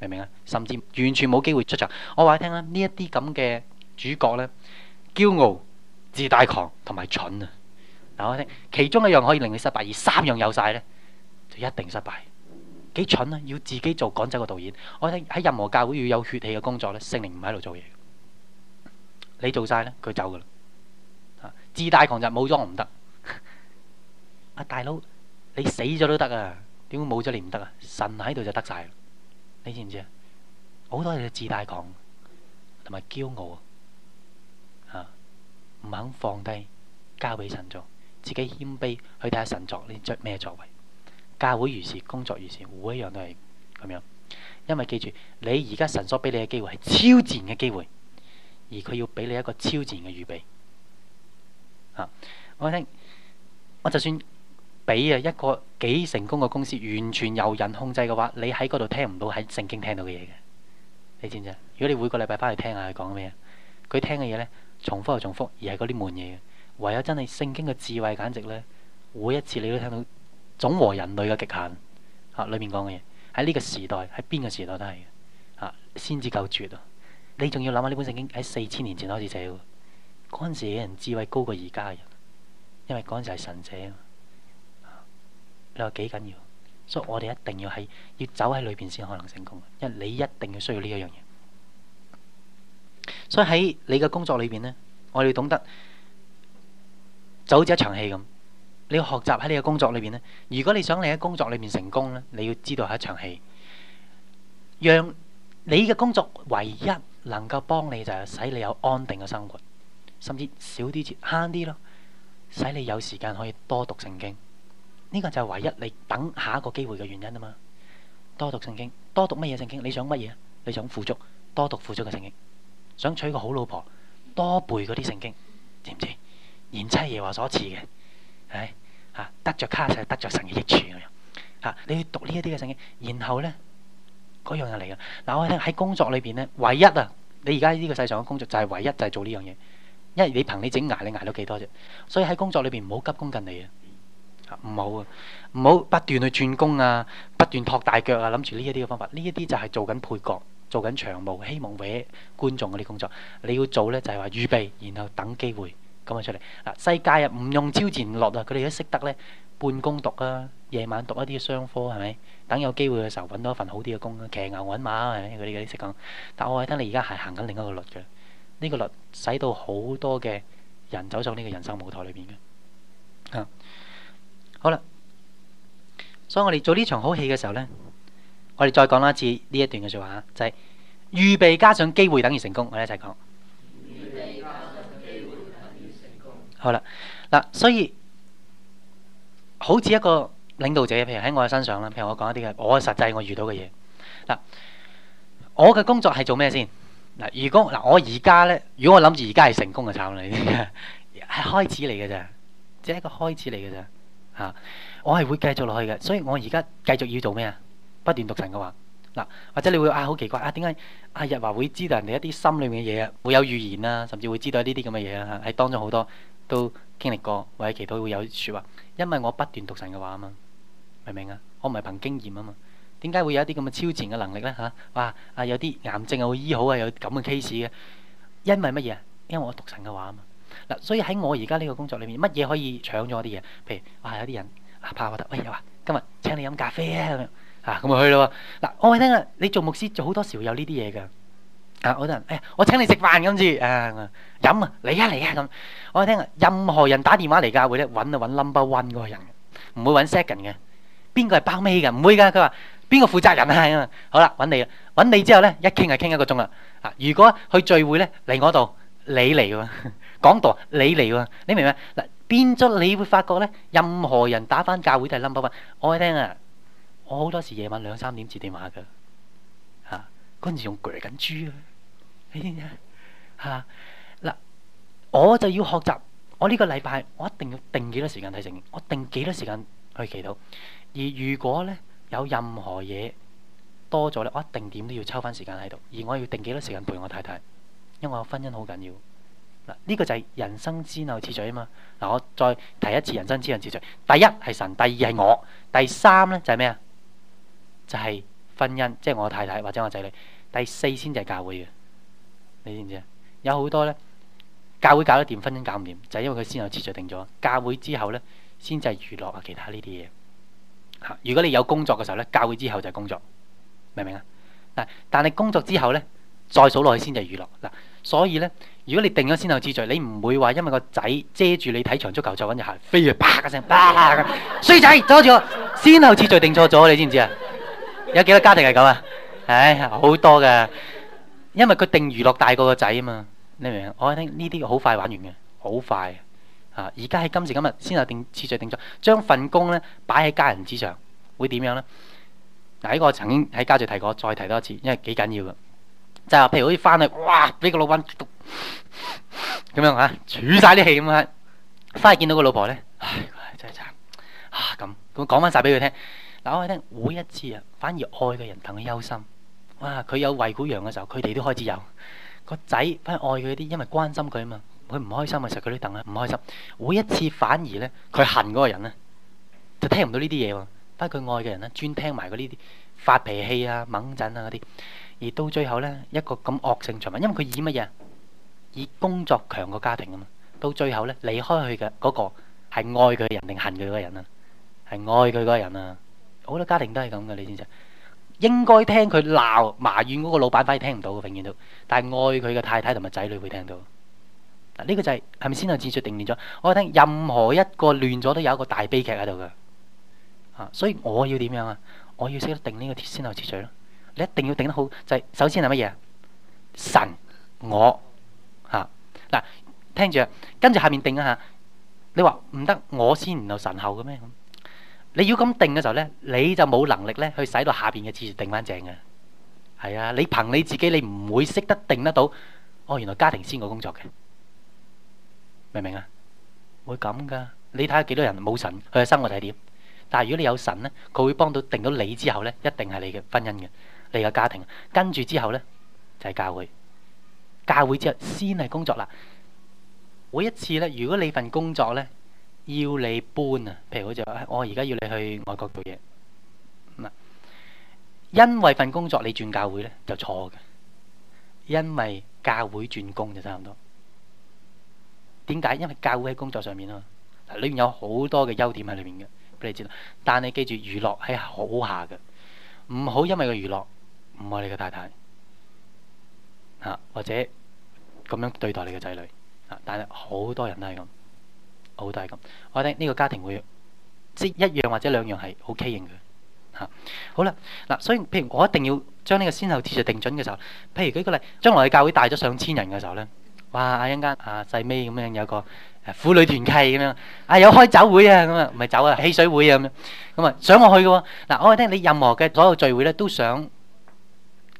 明唔明啊？甚至完全冇機會出場。我話你聽啊，呢一啲咁嘅主角咧，驕傲、自大狂同埋蠢啊！嗱，我聽其中一樣可以令你失敗，而三樣有晒咧，就一定失敗。幾蠢啊！要自己做趕走個導演，我聽喺任何教會要有血氣嘅工作咧，聖靈唔喺度做嘢，你做晒咧，佢走噶啦。自大狂就冇咗我唔得，阿、 啊、大佬你死咗都得啊，點會冇咗你唔得啊？神喺度就得晒，你知唔知啊？好多係自大狂，同埋驕傲啊。唔、啊、肯放低，交俾神作。自己謙卑去睇下神作呢？着咩作為？教會如是，工作如是，每一樣都係咁樣。因為記住，你而家神所俾你嘅機會係超自然嘅機會，而佢要俾你一個超自然嘅預備。啊！我聽，我就算俾啊一個幾成功嘅公司，完全由人控制嘅話，你喺嗰度聽唔到喺聖經聽到嘅嘢嘅，你知唔知啊？如果你每個禮拜翻去聽下佢講咩，佢聽嘅嘢咧重複又重複，而係嗰啲悶嘢嘅。唯有真係聖經嘅智慧，簡直咧，每一次你都聽到，總和人類嘅極限啊裏面講嘅嘢，喺呢個時代，喺邊個時代都係啊，先至夠絕啊！你仲要諗下呢本聖經喺四千年前開始寫。嗰陣時嘅人智慧高過而家嘅人，因為嗰陣時係神者啊！你話幾緊要？所以我哋一定要喺要走喺裏邊先可能成功，因為你一定要需要呢一樣嘢。所以喺你嘅工作裏邊呢，我哋要懂得就好似一場戲咁。你要學習喺你嘅工作裏邊呢，如果你想你喺工作裏面成功呢，你要知道係一場戲，讓你嘅工作唯一能夠幫你就係使你有安定嘅生活。甚至少啲節，慳啲咯，使你有時間可以多讀聖經。呢個就係唯一你等下一個機會嘅原因啊嘛！多讀聖經，多讀乜嘢聖經？你想乜嘢啊？你想富足，多讀富足嘅聖經。想娶個好老婆，多背嗰啲聖經，知唔知？賢妻耶和華所賜嘅，唉吓得着卡就係得着神嘅益處咁樣吓。你去讀呢一啲嘅聖經，然後咧嗰樣嘢嚟嘅。嗱，我聽喺工作裏邊咧，唯一啊，你而家呢個世上嘅工作就係唯一就係做呢樣嘢。因為你憑你整捱，你捱到幾多啫？所以喺工作裏邊唔好急功近利啊！唔好啊，唔好不斷去轉工啊，不斷託大腳啊，諗住呢一啲嘅方法。呢一啲就係做緊配角，做緊長務，希望為觀眾嗰啲工作。你要做咧就係話預備，然後等機會咁啊出嚟。嗱，世界啊，唔用超前落啊，佢哋都識得咧半工讀啊，夜晚讀一啲商科係咪？等有機會嘅時候揾到一份好啲嘅工啊，騎牛揾馬係咪，嗰啲嗰啲識講。但我係聽你而家係行緊另一個律嘅。呢個律使到好多嘅人走上呢個人生舞台裏邊嘅啊，好啦，所以我哋做呢場好戲嘅時候呢，我哋再講啦一次呢一段嘅説話，就係預備加上機會等於成功，我哋一齊講。預備加上機會等於成功。好啦，嗱，所以好似一個領導者，譬如喺我嘅身上啦，譬如我講一啲嘅我實際我遇到嘅嘢，嗱，我嘅工作係做咩先？嗱，如果嗱我而家咧，如果我諗住而家係成功嘅慘啦，呢啲係開始嚟嘅咋，只係一個開始嚟嘅咋。嚇。我係會繼續落去嘅，所以我而家繼續要做咩啊？不斷讀神嘅話，嗱，或者你會啊好奇怪啊，點解阿日華會知道人哋一啲心裏面嘅嘢啊？會有預言啊，甚至會知道呢啲咁嘅嘢啊！喺當中好多都經歷過，或者其他會有説話，因為我不斷讀神嘅話啊嘛，明唔明啊？我唔係憑經驗啊嘛。點解會有一啲咁嘅超前嘅能力咧？嚇，哇！啊，有啲癌症啊，會醫好啊，有咁嘅 case 嘅。因為乜嘢？因為我讀神嘅話啊嘛。嗱，所以喺我而家呢個工作裏面，乜嘢可以搶咗啲嘢？譬如，哇，有啲人啊，怕我得，喂，今日請你飲咖啡啊，咁啊，咁咪去咯。嗱，我話聽啊，你做牧師，做好多時會有呢啲嘢嘅。啊，好多人，哎呀，我請你食飯咁住，啊，飲啊，嚟啊嚟啊咁。我話聽啊，任何人打電話嚟教會咧，揾就揾 number one 嗰個人，唔會揾 second 嘅。邊個係包屘嘅？唔會噶，佢話。邊個負責人啊？係啊，好啦，揾你啦，揾你之後咧，一傾就傾一個鐘啦。啊，如果去聚會咧，嚟我度，你嚟喎，講道你嚟喎，你明唔明嗱？變咗你會發覺咧，任何人打翻教會都係 number one。我聽啊，我好多時夜晚兩三點接電話㗎，嗰陣時用鋸緊豬啊，嗱，我就要學習，我呢個禮拜我一定要定幾多時間睇聖經，我定幾多時間去祈禱，而如果咧？有任何嘢多咗咧，我一定點都要抽翻時間喺度，而我要定幾多時間陪我太太，因為我婚姻好緊要。嗱，呢個就係人生之內次序啊嘛。嗱，我再提一次人生之內次序。第一係神，第二係我，第三咧就係咩啊？就係婚姻，即係我太太或者我仔女。第四先至係教會嘅，你知唔知啊？有好多咧，教會搞得掂，婚姻搞唔掂，就係因為佢先後次序定咗，教會之後咧，先至係娛樂啊，其他呢啲嘢。如果你有工作嘅時候咧，教會之後就係工作，明唔明啊？嗱，但係工作之後咧，再數落去先就係娛樂。嗱，所以咧，如果你定咗先後次序，你唔會話因為個仔遮住你睇場足球賽，就行飛去，啪嘅聲，啪衰 仔，阻住我 先後次序定錯咗，你知唔知啊？有幾多家庭係咁啊？唉、哎，好多嘅，因為佢定娛樂大過個仔啊嘛，你明唔明？我覺得呢啲好快玩完嘅，好快。啊！而家喺今時今日先有定次序定咗，將份工咧擺喺家人之上，會點樣咧？嗱、啊，呢、呢個曾經喺家聚提過，再提多一次，因為幾緊要嘅。就係、是、譬如好似翻去，哇！俾個老闆咁樣吓，儲晒啲氣咁樣，翻去見到個老婆咧，唉，真係慘啊！咁咁講翻晒俾佢聽，我哋聽，每一次啊，反而愛嘅人等佢憂心。哇！佢有胃潰瘍嘅時候，佢哋都開始有個仔，反而愛佢啲，因為關心佢啊嘛。佢唔開心啊！食佢啲凳啊唔開心。每一次反而咧，佢恨嗰個人咧，就聽唔到呢啲嘢喎。但係佢愛嘅人咧，專聽埋佢呢啲發脾氣啊、掹震啊嗰啲。而到最後咧，一個咁惡性循環，因為佢以乜嘢？以工作強過家庭啊嘛。到最後咧，離開佢嘅嗰個係愛佢嘅人定恨佢嗰個人啊？係愛佢嗰個人啊？好多家庭都係咁嘅，你知唔知？應該聽佢鬧埋怨嗰個老闆，反而聽唔到嘅永遠都。但係愛佢嘅太太同埋仔女會聽到。呢個就係係咪先後秩序定亂咗？我聽任何一個亂咗，都有一個大悲劇喺度嘅嚇。所以我要點樣啊？我要識得定呢個先後秩序咯。你一定要定得好，就係、是、首先係乜嘢神我嚇嗱、啊。聽住跟住下面定一下，你話唔得，我先然後神後嘅咩？你要咁定嘅時候咧，你就冇能力咧去使到下邊嘅秩序定翻正嘅。係啊，你憑你自己，你唔會識得定得到哦。原來家庭先過工作嘅。明唔明啊？會咁噶？你睇下幾多人冇神，佢嘅生活係點？但係如果你有神咧，佢會幫到定到你之後咧，一定係你嘅婚姻嘅，你嘅家庭。跟住之後咧，就係教會，教會之後先係工作啦。每一次咧，如果你份工作咧要你搬啊，譬如好似話我而家要你去外國做嘢，嗱，因為份工作你轉教會咧就錯嘅，因為教會轉工就差唔多。點解？因為教會喺工作上面咯，裏面有好多嘅優點喺裏面嘅，俾你知。但你記住，娛樂係好下嘅，唔好因為個娛樂唔愛你嘅太太，吓或者咁樣對待你嘅仔女。吓，但係好多人都係咁，好多係咁。我覺得呢個家庭會即一樣或者兩樣係、啊、好畸型，嘅，吓好啦。嗱，所以譬如我一定要將呢個先後秩序定準嘅時候，譬如舉個例，將來我嘅教會帶咗上千人嘅時候咧。哇！阿欣家啊，細尾咁樣有個婦女團契咁樣，啊有開酒會啊，咁啊唔係酒啊汽水會啊咁樣，咁啊想我去嘅喎。嗱，我聽你任何嘅所有聚會咧，都想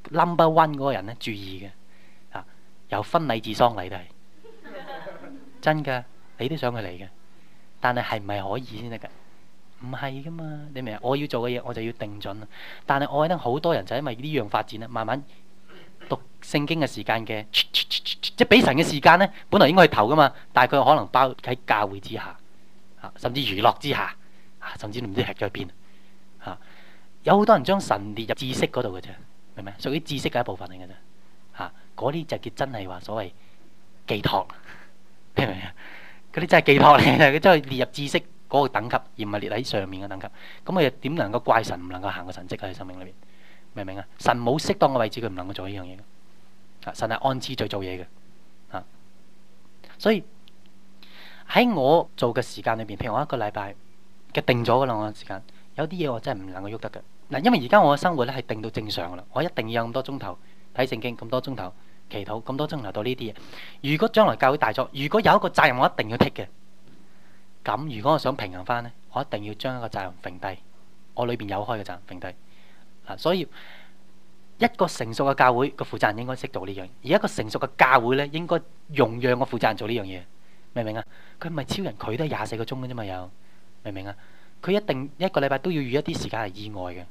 number one 嗰個人咧注意嘅，啊由婚禮至喪禮都係真㗎，你都想佢嚟嘅，但係係唔係可以先得㗎？唔係㗎嘛，你明？我要做嘅嘢我就要定準。但係我聽好多人就因為呢樣發展咧，慢慢。讀聖經嘅時間嘅，即係俾神嘅時間咧，本來應該係投噶嘛，但係佢可能包喺教會之下，啊，甚至娛樂之下，啊，甚至唔知喺咗去邊，啊，有好多人將神列入知識嗰度嘅啫，明唔明？屬於知識嘅一部分嚟嘅啫，啊，嗰啲就叫真係話所謂寄託，明唔明啊？嗰啲真係寄託嚟嘅，佢真係列入知識嗰個等級，而唔係列喺上面嘅等級。咁佢又點能夠怪神唔能夠行個神蹟喺生命裏邊？明唔明啊？神冇適當嘅位置，佢唔能夠做呢樣嘢。啊，神係按次序做嘢嘅。啊，所以喺我做嘅時間裏邊，譬如我一個禮拜嘅定咗嘅啦，時間有啲嘢我真係唔能夠喐得嘅。嗱，因為而家我嘅生活咧係定到正常嘅啦，我一定要有咁多鐘頭睇聖經，咁多鐘頭祈禱，咁多鐘頭到呢啲嘢。如果將來教會大咗，如果有一個責任我一定要剔嘅，咁如果我想平衡翻咧，我一定要將一個責任擰低。我裏邊有開嘅責任擰低。所以一個成熟嘅教會個負責人應該識做呢樣，而一個成熟嘅教會咧，應該容讓個負責人做呢樣嘢，明唔明啊？佢唔係超人，佢都係廿四個鐘嘅啫嘛，又明唔明啊？佢一定一個禮拜都要預一啲時間係意外嘅，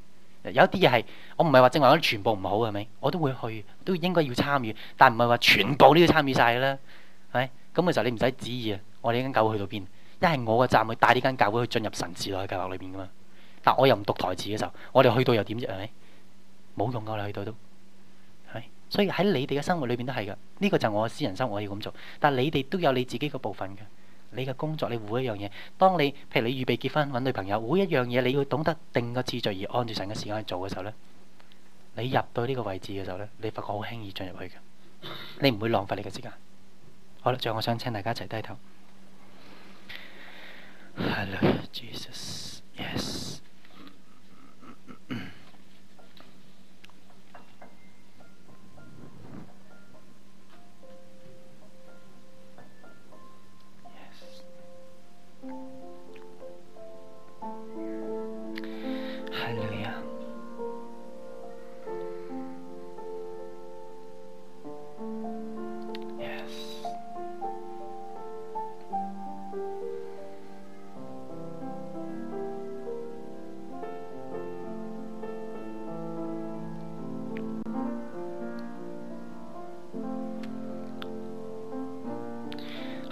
有一啲嘢係我唔係話正話嗰啲全部唔好係咪？我都會去，都應該要參與，但唔係話全部都要參與曬啦，係咪？咁嘅時候你唔使旨意啊，我哋呢間教會去到邊？一係我嘅責任去帶呢間教會去進入神治嘅計劃裏邊噶嘛。但我又唔讀台詞嘅時候，我哋去到又點啫？係咪冇用噶啦？去到都係，所以喺你哋嘅生活裏邊都係噶。呢個就我私人生活我要咁做，但係你哋都有你自己嘅部分嘅。你嘅工作，你每一樣嘢，當你譬如你預備結婚揾女朋友，每一樣嘢你要懂得定個次序，而按住神嘅時間去做嘅時候呢，你入到呢個位置嘅時候呢，你發覺好輕易進入去嘅，你唔會浪費你嘅時間。好啦，最後我想請大家一齊低頭。Hello, Jesus, yes.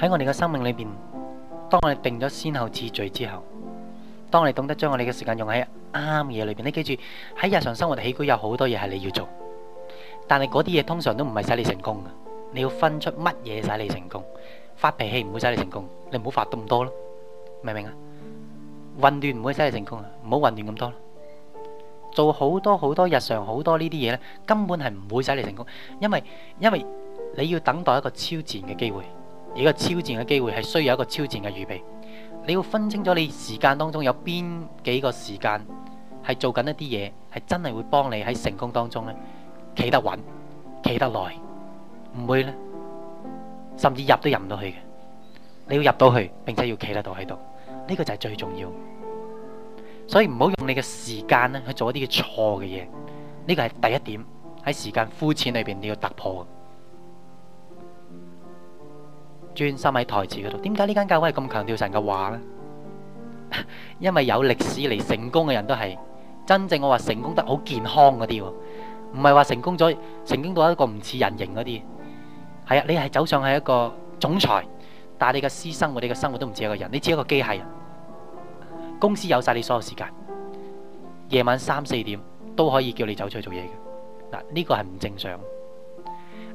喺我哋嘅生命裏邊，當我哋定咗先後次序之後，當你懂得將我哋嘅時間用喺啱嘢裏邊，你記住喺日常生活嘅起居有好多嘢係你要做，但係嗰啲嘢，通常都唔係使你成功嘅。你要分出乜嘢使你成功？發脾氣唔會使你成功，你唔好發咁多咯，明唔明啊？混亂唔會使你成功啊，唔好混亂咁多。做好多好多日常好多呢啲嘢咧，根本係唔會使你成功，因為因為你要等待一個超自然嘅機會。而個超前嘅機會係需要一個超前嘅預備，你要分清楚你時間當中有邊幾個時間係做緊一啲嘢，係真係會幫你喺成功當中咧企得穩、企得耐，唔會咧甚至入都入唔到去嘅。你要入到去，並且要企得到喺度，呢個就係最重要。所以唔好用你嘅時間咧去做一啲嘅錯嘅嘢，呢個係第一點喺時間膚淺裏邊你要突破。專心喺台詞嗰度，點解呢間教會係咁強調神嘅話咧？因為有歷史嚟，成功嘅人都係真正我話成功得好健康嗰啲，唔係話成功咗成功到一個唔似人形嗰啲。係啊，你係走上係一個總裁，但係你嘅私生活、你嘅生活都唔似一個人，你似一個機械人。公司有晒你所有時間，夜晚三四點都可以叫你走出去做嘢嘅嗱，呢個係唔正常。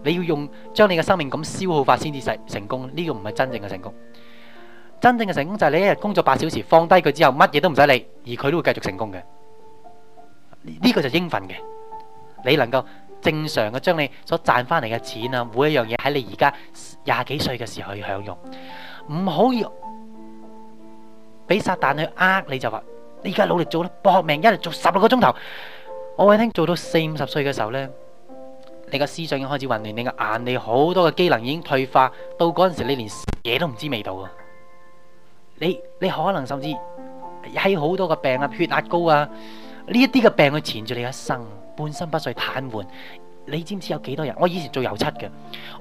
你要用將你嘅生命咁消耗法先至成成功，呢個唔係真正嘅成功。真正嘅成功就係你一日工作八小時，放低佢之後，乜嘢都唔使理，而佢都會繼續成功嘅。呢個就應份嘅。你能夠正常嘅將你所賺翻嚟嘅錢啊，每一樣嘢喺你而家廿幾歲嘅時候去享用，唔好用俾撒旦去呃你就話，你而家努力做啦，搏命一日做十六個鐘頭。我話聽做到四五十歲嘅時候咧。你個思想已經開始混亂，你個眼你好多嘅機能已經退化，到嗰陣時你連嘢都唔知味道啊！你你可能甚至喺好多嘅病啊，血壓高啊，呢一啲嘅病纏，去纏住你一生，半身不遂，癱瘓。你知唔知有幾多人？我以前做油漆嘅，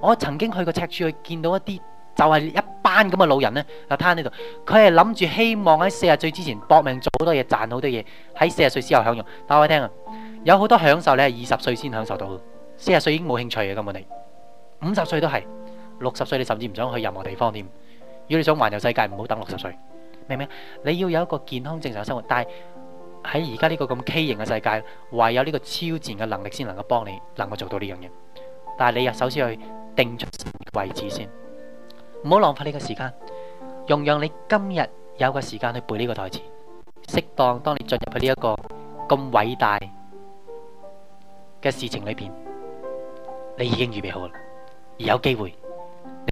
我曾經去過赤柱，去見到一啲就係、是、一班咁嘅老人咧，就攤喺度。佢係諗住希望喺四十歲之前搏命做好多嘢，賺好多嘢喺四十歲之後享用。但我話聽啊，有好多享受你係二十歲先享受到嘅，四十歲已經冇興趣嘅，根本你五十歲都係六十歲，你甚至唔想去任何地方添。如果你想環遊世界，唔好等六十歲，明唔明？你要有一個健康正常嘅生活，但係喺而家呢個咁畸形嘅世界，唯有呢個超自然嘅能力先能夠幫你能夠做到呢樣嘢。但係你又首先去定出位置先，唔好浪費呢個時間，用讓你今日有個時間去背呢個台詞，適當當你進入去呢一個咁偉大嘅事情裏邊。你已經預備好啦，而有機會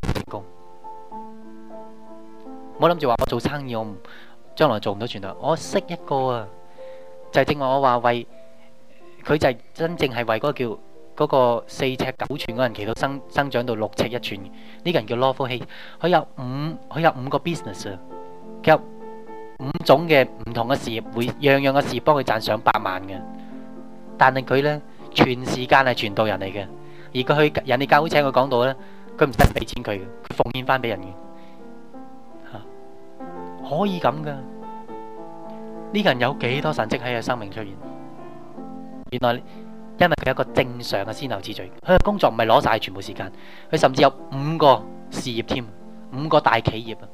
你成功。冇諗住話我做生意，我唔將來做唔到傳道。我識一個啊，就係正話我話為佢就係真正係為嗰個叫嗰、嗰個四尺九寸嗰人，祈到生生長到六尺一寸。呢、呢個人叫 Lawful Hey，佢有五佢有五個 business，啊，佢有五種嘅唔同嘅事業，會樣樣嘅事業幫佢賺上百萬嘅。但係佢咧全時間係傳道人嚟嘅。而佢去人哋教會請佢講道咧，佢唔使俾錢佢，佢奉獻翻俾人嘅吓，可以咁噶。呢個人有幾多神蹟喺佢生命出現？原來因為佢有個正常嘅先後次序，佢嘅工作唔係攞晒全部時間，佢甚至有五個事業添，五個大企業啊。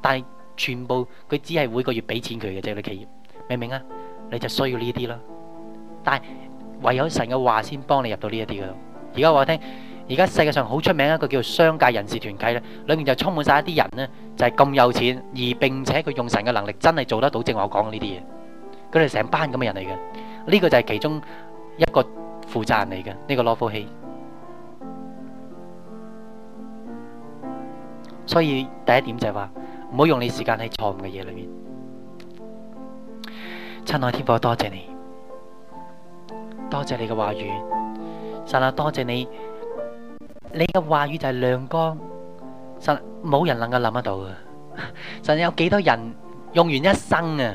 但係全部佢只係每個月俾錢佢嘅這類企業，明唔明啊？你就需要呢啲咯。但係唯有神嘅話先幫你入到呢一啲噶。而家我聽，而家世界上好出名的一個叫做商界人士團契咧，裏面就充滿晒一啲人咧，就係咁有錢，而並且佢用神嘅能力真係做得到正這些，正話我講呢啲嘢，佢哋成班咁嘅人嚟嘅。呢個就係其中一個負責人嚟嘅，呢、這個落夫希。所以第一點就係話，唔好用你時間喺錯誤嘅嘢裏面。親愛的天父，多謝你，多謝你嘅話語。神啊，多謝你，你嘅話語就係亮光，神冇人能夠諗得到嘅。神有幾多人用完一生啊，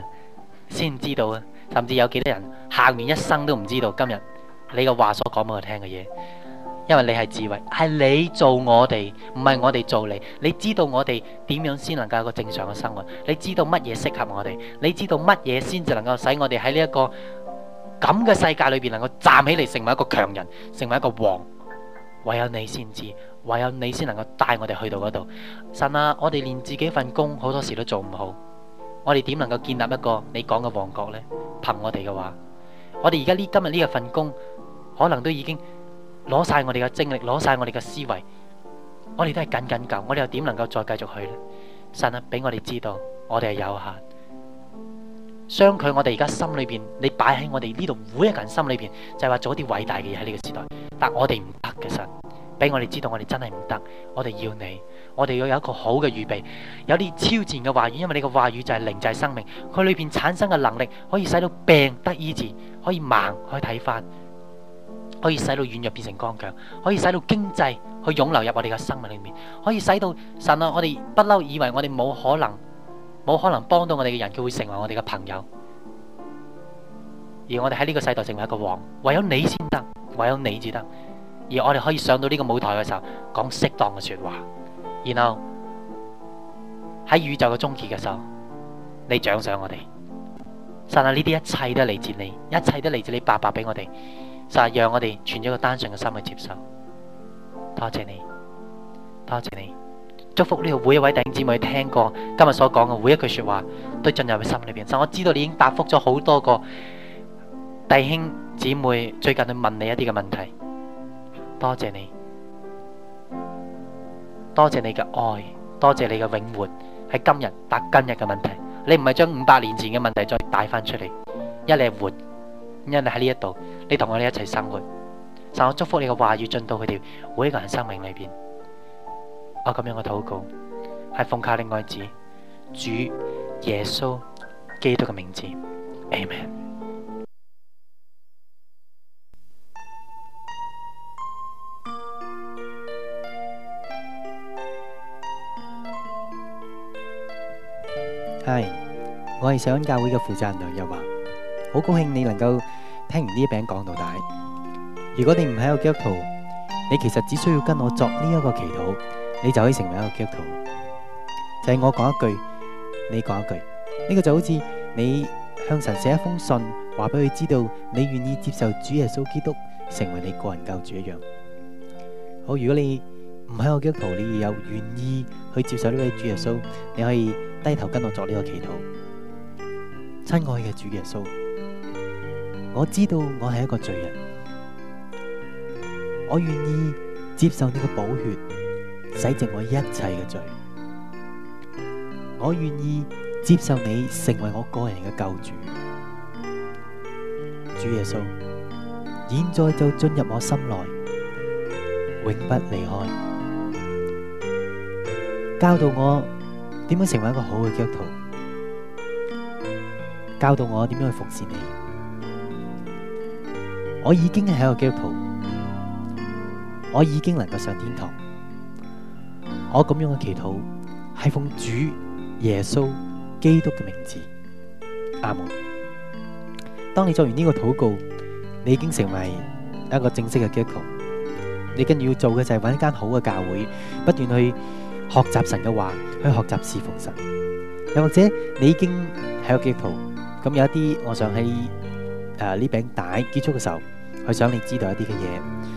先知道啊，甚至有幾多人行完一生都唔知道今日你嘅話所講俾我聽嘅嘢，因為你係智慧，係你做我哋，唔係我哋做你。你知道我哋點樣先能夠有個正常嘅生活，你知道乜嘢適合我哋，你知道乜嘢先至能夠使我哋喺呢一個。咁嘅世界裏邊，能夠站起嚟，成為一個強人，成為一個王，唯有你先知，唯有你先能夠帶我哋去到嗰度。神啊，我哋連自己份工好多時都做唔好，我哋點能夠建立一個你講嘅王國呢？憑我哋嘅話，我哋而家呢今日呢個份工，可能都已經攞晒我哋嘅精力，攞晒我哋嘅思維，我哋都係緊緊夠，我哋又點能夠再繼續去呢？神啊，俾我哋知道，我哋係有限。相佢我哋而家心裏邊，你擺喺我哋呢度，每一個人心裏邊就係話做啲偉大嘅嘢喺呢個時代，但我哋唔得嘅。神，俾我哋知道我哋真係唔得，我哋要你，我哋要有一個好嘅預備，有啲超前嘅話語，因為你嘅話語就係靈，就係生命，佢裏邊產生嘅能力，可以使到病得醫治，可以盲去睇翻，可以使到軟弱變成剛強，可以使到經濟去湧流入我哋嘅生命裏面，可以使到神啊，我哋不嬲以為我哋冇可能。冇可能幫到我哋嘅人，佢會成為我哋嘅朋友，而我哋喺呢個世代成為一個王，唯有你先得，唯有你至得，而我哋可以上到呢個舞台嘅時候，講適當嘅說話，然後喺宇宙嘅終結嘅時候，你獎賞我哋。神啊，呢啲一切都嚟自你，一切都嚟自你白白俾我哋，就係讓我哋存咗個單純嘅心去接受。多謝你，多謝你。祝福呢度每一位弟兄姊妹聽過今日所講嘅每一句說話，都進入佢心裏邊。神，我知道你已經答覆咗好多個弟兄姊妹最近去問你一啲嘅問題，多謝你，多謝你嘅愛，多謝你嘅永活喺今日答今日嘅問題。你唔係將五百年前嘅問題再帶翻出嚟，一你活，因你喺呢一度，你同我哋一齊生活。神，我祝福你嘅話語進到佢哋每一個人生命裏邊。我咁樣嘅禱告，係奉亞利愛子、主耶穌基督嘅名字，阿門。係我係社恩教會嘅負責人梁日華，好高興你能夠聽完呢一篇講道。如果你唔係個基督徒，你其實只需要跟我作呢一個祈禱。你就可以成為一個基督徒，就係我講一句，你講一句，呢個就好似你向神寫一封信，話俾佢知道你願意接受主耶穌基督成為你個人救主一樣。好，如果你唔係我基督徒，你有願意去接受呢位主耶穌，你可以低頭跟我作呢個祈禱。親愛嘅主耶穌，我知道我係一個罪人，我願意接受你嘅寶血，洗淨我一切嘅罪，我願意接受你成為我個人嘅救主，主耶穌，現在就進入我心內，永不離開，教導我點樣成為一個好嘅基督徒，教導我點樣去服侍你，我已經係一個基督徒，我已經能夠上天堂。我咁樣嘅祈禱係奉主耶穌基督嘅名字，阿門。當你做完呢個禱告，你已經成為一個正式嘅基督徒。你跟住要做嘅就係揾一間好嘅教會，不斷去學習神嘅話，去學習侍奉神。又或者你已經係一個基督徒，咁有一啲，我想喺誒呢餅帶結束嘅時候，去想你知道一啲嘅嘢。